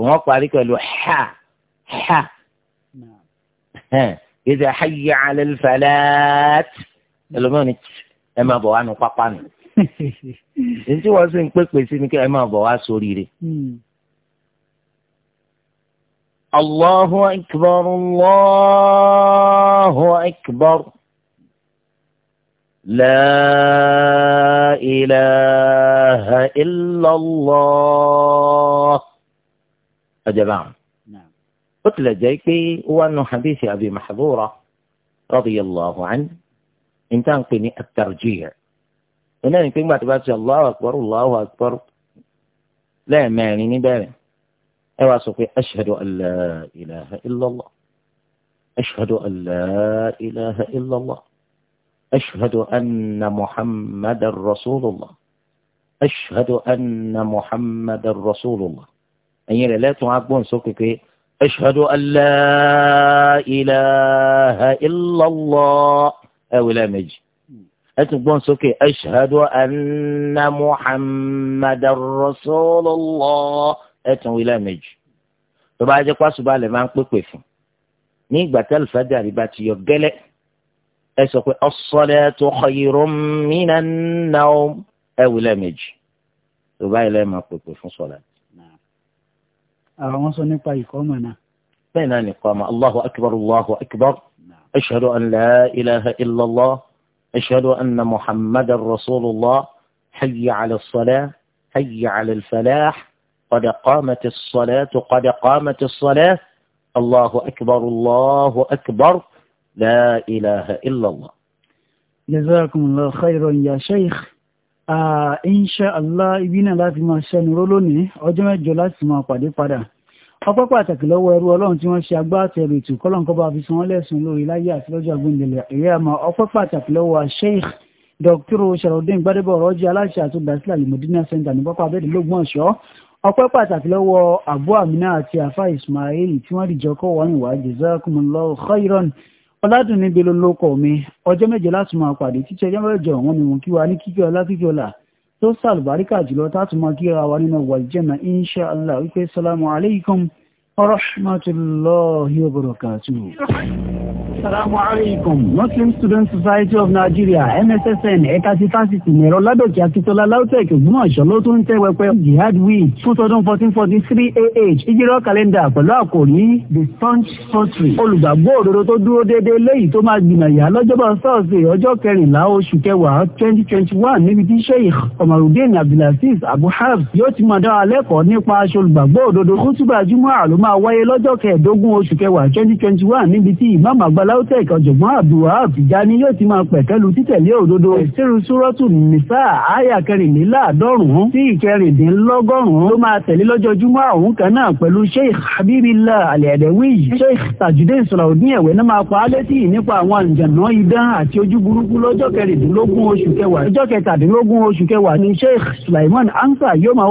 òun parí pẹ̀lú ha ha yíṣe hayya ala al-falat ẹlòmíràn ni ẹ máa bọ̀ wá nu pápá nù ntí wọ́n sì ń pèpè sí ni kí ẹ máa bọ̀ wá sórí rẹ̀. Hmm. Allahu akbar Allahu akbar La ilaha illa Allah. أجبان نعم قتل جيكي هو حديث أبي محظورة رضي الله عنه إن تنقني الترجيع إن أنا بعد بس الله أكبر الله أكبر لا ماني نبالي أواصف أيوة أشهد أن لا إله إلا الله أشهد أن لا إله إلا الله أشهد أن محمد رسول الله أشهد أن محمد رسول الله ẹ̀yin rẹ̀ lẹ́tùn agbóhùnsókè pé ashhadu an la ilaha illallah ẹ wí lẹ́ẹ̀mejì ẹ tún gbóhùnsókè ashhadu anna muhammadar rasulullah ẹ tún wí lẹ́ẹ̀mejì tó bá jẹ́ pásùbà lè máa ń pèpè fún ní ìgbà tí alifájàrí bá ti yọ gẹ́lẹ́ ẹ sọ pé as-salatu khayrun minan nawm ẹ wí lẹ́ẹ̀mejì tó bá yẹ lẹ́ẹ̀ máa pèpè fún sọ̀lá بين أن يقوم الله أكبر الله أكبر أشهد أن لا إله إلا الله أشهد أن محمد رسول الله حي على الصلاة حي على الفلاح قد قامت الصلاة قد قامت الصلاة الله أكبر الله أكبر لا إله إلا الله جزاكم الله خيرا يا شيخ insha allah ibi náà láti máa ṣẹnu ró lónìí ọjọ́ mẹ́jọ láti máa pàdé padà ọpẹ́ pàtàkì lọ́wọ́ ẹrú ọlọ́run tí wọ́n ṣe agbátẹrù ètò kọ́lọ́n kọ́ bá fi san wọ́n lẹ́sùn lórí láyé àti lọ́jọ́ àgbéǹdẹ̀lẹ̀ ẹ̀yà àmọ́ ọpẹ́ pàtàkì lọ́wọ́ sheikh dr sharafdin gbadebo ọ̀rọ̀jì aláṣẹ àti olùdásílẹ̀ alimọ̀dínà center ní pápá abẹ́ẹ̀dẹ̀ lọ́gbọ̀n ọ̀ṣọ́ ọpẹ́ pàtàkì lọ́wọ́ abu amina àti afa ismail tí wọ́n dìjọ́ kọ́ wọ́n ìwà jazakumullahu khairan ọ̀làdùn níbi lolóko mi ọjọ́ méje láti máa pàdé títí ọjọ́ mẹ́jọ wọn ni wọn kí wa ní kíkẹ́ ọlá kíkẹ́ ọlá tó sàlùbáríkà jùlọ táàtù máa kíra wa nínú wàlìjẹ́nà insha allah wípé salamu alaykum wa rahmatulahi wa barakatuhu. Assalamu alaikum. Muslim Student Society of Nigeria MSSN ẹ̀ka ti fásitì mẹ̀rọ ládòkè Akíntọ́lá LAUTECH Ògbómọ̀ṣọ́ ló tún tẹ́ wẹpẹ́ Jihad Week two thousand fourteen forty three AH ìjírọ̀ kàlẹ́ndà pẹ̀lú àkòrí The Staunch Country. Olùgbàgbọ́ òdodo tó dúró déédéé léyìí tó máa gbìmọ̀ yà lọ́jọ́bọ̀ Sọ́ọ̀sì ọjọ́ kẹrìnlá oṣù kẹwàá twenty twenty one níbi tí Sheikh Omarudeen Abdulaziz Abu Habs yóò ti máa dá wa lẹ́kọ̀ọ́ nípa aṣọ olùgbàgbọ́ òdodo kútùbà Júmọ́ àlọ́ máa wáyé lọ́jọ́ kẹẹ̀ẹ́dógún oṣù kẹwàá twenty twenty one níbi tí ìmáàmù àgbàl aláwùtẹ́ ìkànjọ̀gbọ́n abdulwahab tijani yóò ti máa pẹ̀kẹ́lu títẹ̀lé òdodo ìṣirò súrọ́tù nìsá àyà kẹrìnléláàádọ́rùn-ún sí ìkẹrìndínlọ́gọ́rùn-ún ló máa tẹ̀lé lọ́jọ́ júmọ́ ọ̀hún kan náà pẹ̀lú sheikh habibillah alẹ́dẹ̀wì sheikh tajudeen sọ̀rọ̀dún ẹ̀wẹ́ náà máa pa á létí nípa àwọn àǹjàná idán àti ojú burúkú lọ́jọ́ kẹrìndínlógún oṣù kẹwàá lọ́jọ́ kẹtàdínlógún oṣù kẹwàá ni sheikh sulaiman ansa yóò máa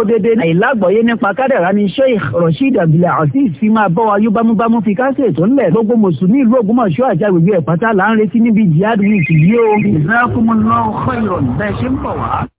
dúró déédéé ní àìlágbọ̀yé nípa kádàrá ni sheikh rasheed abdullahi azeez fi máa bọ́ wa yó bámúbámú fi kásẹ̀ ètò ńlẹ̀ gbogbo mùsùlùmí ìlú ògbómọ̀ṣọ́ àti agbègbè ẹ̀pátá là ń retí níbi jihad week yìí o. ìzákùmùlọ́ọ̀ kọ́ ìrọ̀lẹ́ ṣe ń bọ̀ wá.